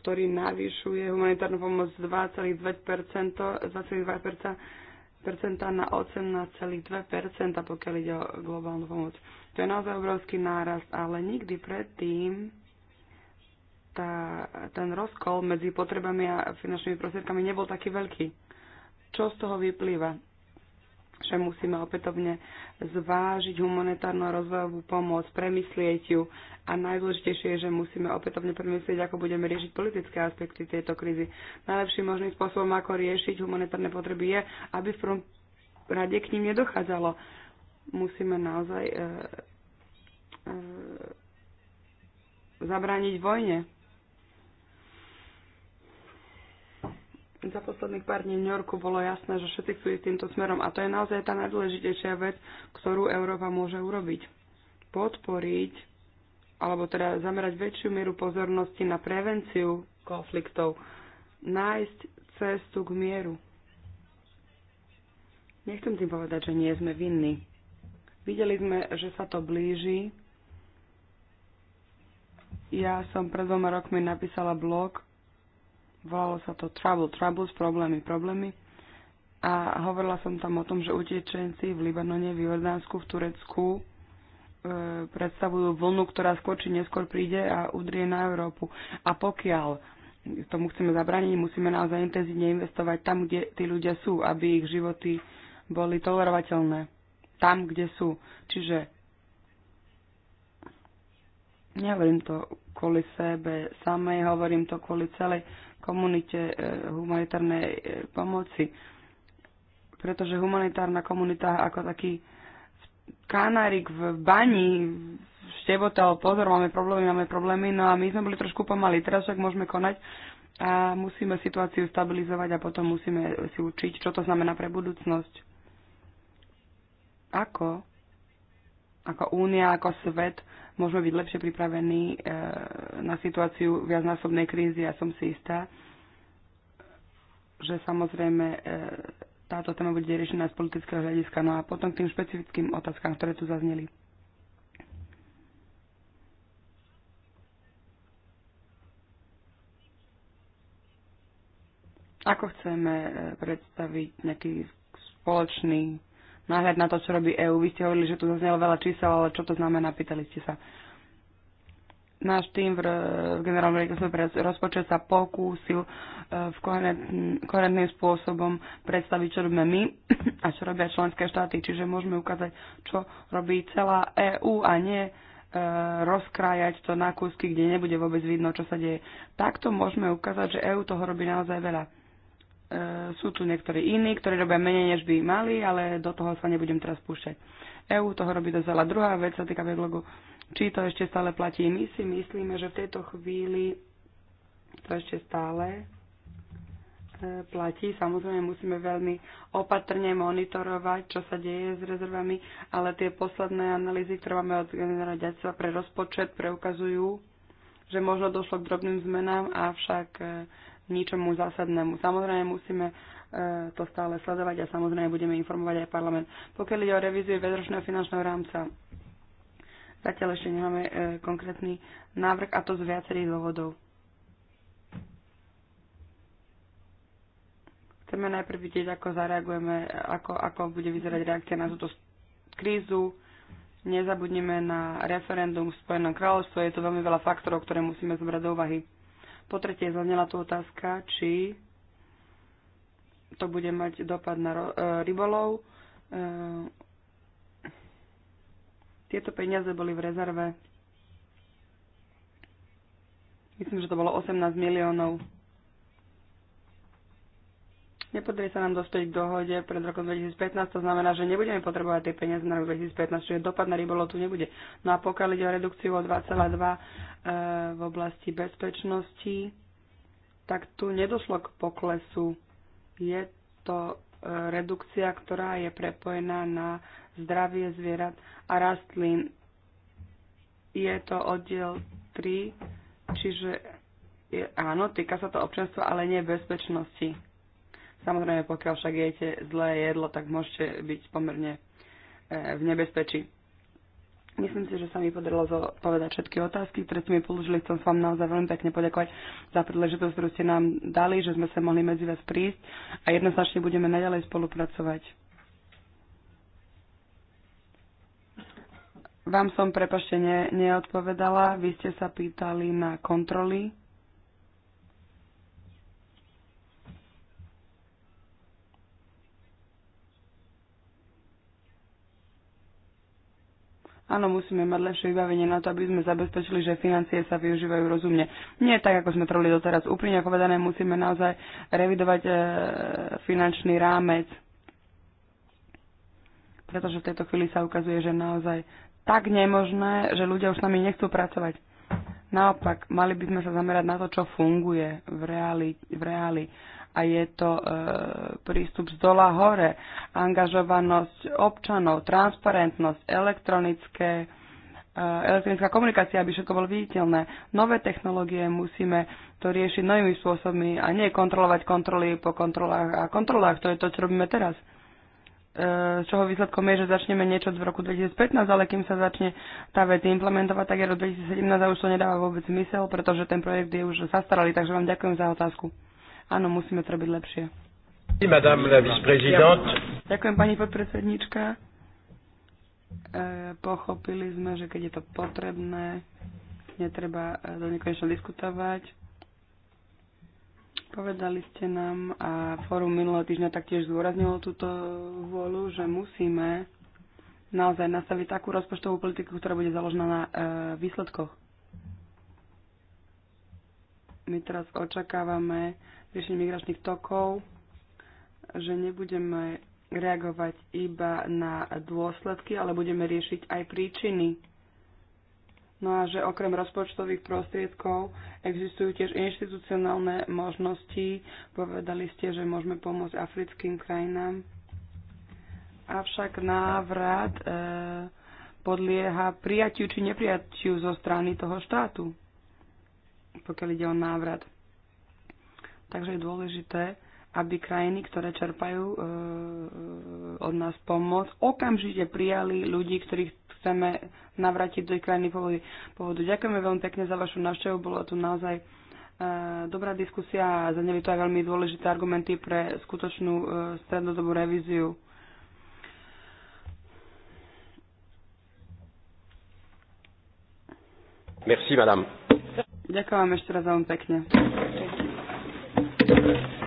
ktorý navýšuje humanitárnu pomoc z 2,2%, 2,2% na 18,2%, pokiaľ ide o globálnu pomoc. To je naozaj obrovský nárast, ale nikdy predtým tá, ten rozkol medzi potrebami a finančnými prostriedkami nebol taký veľký. Čo z toho vyplýva? že musíme opätovne zvážiť humanitárnu a rozvojovú pomoc, premyslieť ju a najdôležitejšie je, že musíme opätovne premyslieť, ako budeme riešiť politické aspekty tejto krízy. Najlepším možným spôsobom, ako riešiť humanitárne potreby je, aby v prvom rade k ním nedochádzalo. Musíme naozaj e, e, zabrániť vojne. za posledných pár dní v New Yorku bolo jasné, že všetci chcú ísť týmto smerom a to je naozaj tá najdôležitejšia vec, ktorú Európa môže urobiť. Podporiť alebo teda zamerať väčšiu mieru pozornosti na prevenciu konfliktov. Nájsť cestu k mieru. Nechcem tým povedať, že nie sme vinní. Videli sme, že sa to blíži. Ja som pred dvoma rokmi napísala blog volalo sa to Trouble, Troubles, problémy, problémy. A hovorila som tam o tom, že utečenci v Libanone, v Jordánsku, v Turecku e, predstavujú vlnu, ktorá skôr či neskôr príde a udrie na Európu. A pokiaľ tomu chceme zabraniť, musíme naozaj intenzívne investovať tam, kde tí ľudia sú, aby ich životy boli tolerovateľné. Tam, kde sú. Čiže nehovorím to kvôli sebe samej, hovorím to kvôli celej komunite e, humanitárnej e, pomoci. Pretože humanitárna komunita ako taký kanárik v bani štebotal, pozor, máme problémy, máme problémy, no a my sme boli trošku pomalí, teraz však môžeme konať a musíme situáciu stabilizovať a potom musíme si učiť, čo to znamená pre budúcnosť. Ako? Ako únia, ako svet môžeme byť lepšie pripravení e, na situáciu viacnásobnej krízy. Ja som si istá, že samozrejme e, táto téma bude riešená z politického hľadiska. No a potom k tým špecifickým otázkam, ktoré tu zazneli. Ako chceme e, predstaviť nejaký spoločný náhľad na to, čo robí EÚ. Vy ste hovorili, že tu zaznelo veľa čísel, ale čo to znamená, pýtali ste sa. Náš tým v, v generálnom rejtosti pre rozpočet sa pokúsil e, v koherentným spôsobom predstaviť, čo robíme my a čo robia členské štáty. Čiže môžeme ukázať, čo robí celá EÚ a nie e, rozkrájať to na kúsky, kde nebude vôbec vidno, čo sa deje. Takto môžeme ukázať, že EÚ toho robí naozaj veľa. E, sú tu niektorí iní, ktorí robia menej, než by mali, ale do toho sa nebudem teraz púšťať. EU toho robí dosť veľa. Druhá vec sa týka weblogu. Či to ešte stále platí? My si myslíme, že v tejto chvíli to ešte stále e, platí. Samozrejme musíme veľmi opatrne monitorovať, čo sa deje s rezervami, ale tie posledné analýzy, ktoré máme od generála pre rozpočet, preukazujú, že možno došlo k drobným zmenám, avšak e, ničomu zásadnému. Samozrejme musíme e, to stále sledovať a samozrejme budeme informovať aj parlament. Pokiaľ ide o revíziu vedročného finančného rámca, zatiaľ ešte nemáme e, konkrétny návrh a to z viacerých dôvodov. Chceme najprv vidieť, ako zareagujeme, ako, ako bude vyzerať reakcia na túto krízu. Nezabudnime na referendum v Spojenom kráľovstve. Je to veľmi veľa faktorov, ktoré musíme zobrať do úvahy. Po tretie, zaznela tu otázka, či to bude mať dopad na e, rybolov. E, tieto peniaze boli v rezerve. Myslím, že to bolo 18 miliónov Nepodarí sa nám dospieť k dohode pred rokom 2015, to znamená, že nebudeme potrebovať tie peniaze na rok 2015, čiže dopad na rybolov tu nebude. No a pokiaľ ide o redukciu o 2,2 e, v oblasti bezpečnosti, tak tu nedošlo k poklesu. Je to e, redukcia, ktorá je prepojená na zdravie zvierat a rastlín. Je to oddiel 3, čiže je, áno, týka sa to občanstva, ale nie bezpečnosti. Samozrejme, pokiaľ však jete zlé jedlo, tak môžete byť pomerne e, v nebezpečí. Myslím si, že sa mi podarilo povedať všetky otázky, ktoré ste mi položili. Chcem sa vám naozaj veľmi pekne poďakovať za príležitosť, ktorú ste nám dali, že sme sa mohli medzi vás prísť a jednoznačne budeme naďalej spolupracovať. Vám som prepašte ne, neodpovedala. Vy ste sa pýtali na kontroly. Áno, musíme mať lepšie vybavenie na to, aby sme zabezpečili, že financie sa využívajú rozumne. Nie tak, ako sme trvali doteraz. Úplne povedané, musíme naozaj revidovať e, finančný rámec. Pretože v tejto chvíli sa ukazuje, že naozaj tak nemožné, že ľudia už s nami nechcú pracovať. Naopak, mali by sme sa zamerať na to, čo funguje v reáli. V reáli a je to e, prístup z dola hore, angažovanosť občanov, transparentnosť, elektronické, e, elektronická komunikácia, aby všetko bolo viditeľné. Nové technológie musíme to riešiť novými spôsobmi a nie kontrolovať kontroly po kontrolách a kontrolách. To je to, čo robíme teraz e, z čoho výsledkom je, že začneme niečo v roku 2015, ale kým sa začne tá vec implementovať, tak je rok 2017 a už to nedáva vôbec zmysel, pretože ten projekt je už zastaralý, takže vám ďakujem za otázku áno, musíme to robiť lepšie. Ďakujem, pani podpredsednička. E, pochopili sme, že keď je to potrebné, netreba e, do nekonečna diskutovať. Povedali ste nám a fórum minulého týždňa taktiež zdôraznilo túto vôľu, že musíme naozaj nastaviť takú rozpočtovú politiku, ktorá bude založená na e, výsledkoch. My teraz očakávame riešenie migračných tokov, že nebudeme reagovať iba na dôsledky, ale budeme riešiť aj príčiny. No a že okrem rozpočtových prostriedkov existujú tiež inštitucionálne možnosti. Povedali ste, že môžeme pomôcť africkým krajinám. Avšak návrat e, podlieha prijatiu či neprijatiu zo strany toho štátu, pokiaľ ide o návrat. Takže je dôležité, aby krajiny, ktoré čerpajú e, e, od nás pomoc, okamžite prijali ľudí, ktorých chceme navrátiť do ich krajiny pôvodu. Ďakujeme veľmi pekne za vašu návštevu, bola tu naozaj e, dobrá diskusia a zaneli to aj veľmi dôležité argumenty pre skutočnú e, strednodobú revíziu. Merci, madame. Ďakujem vám ešte raz veľmi pekne. Ďakujem.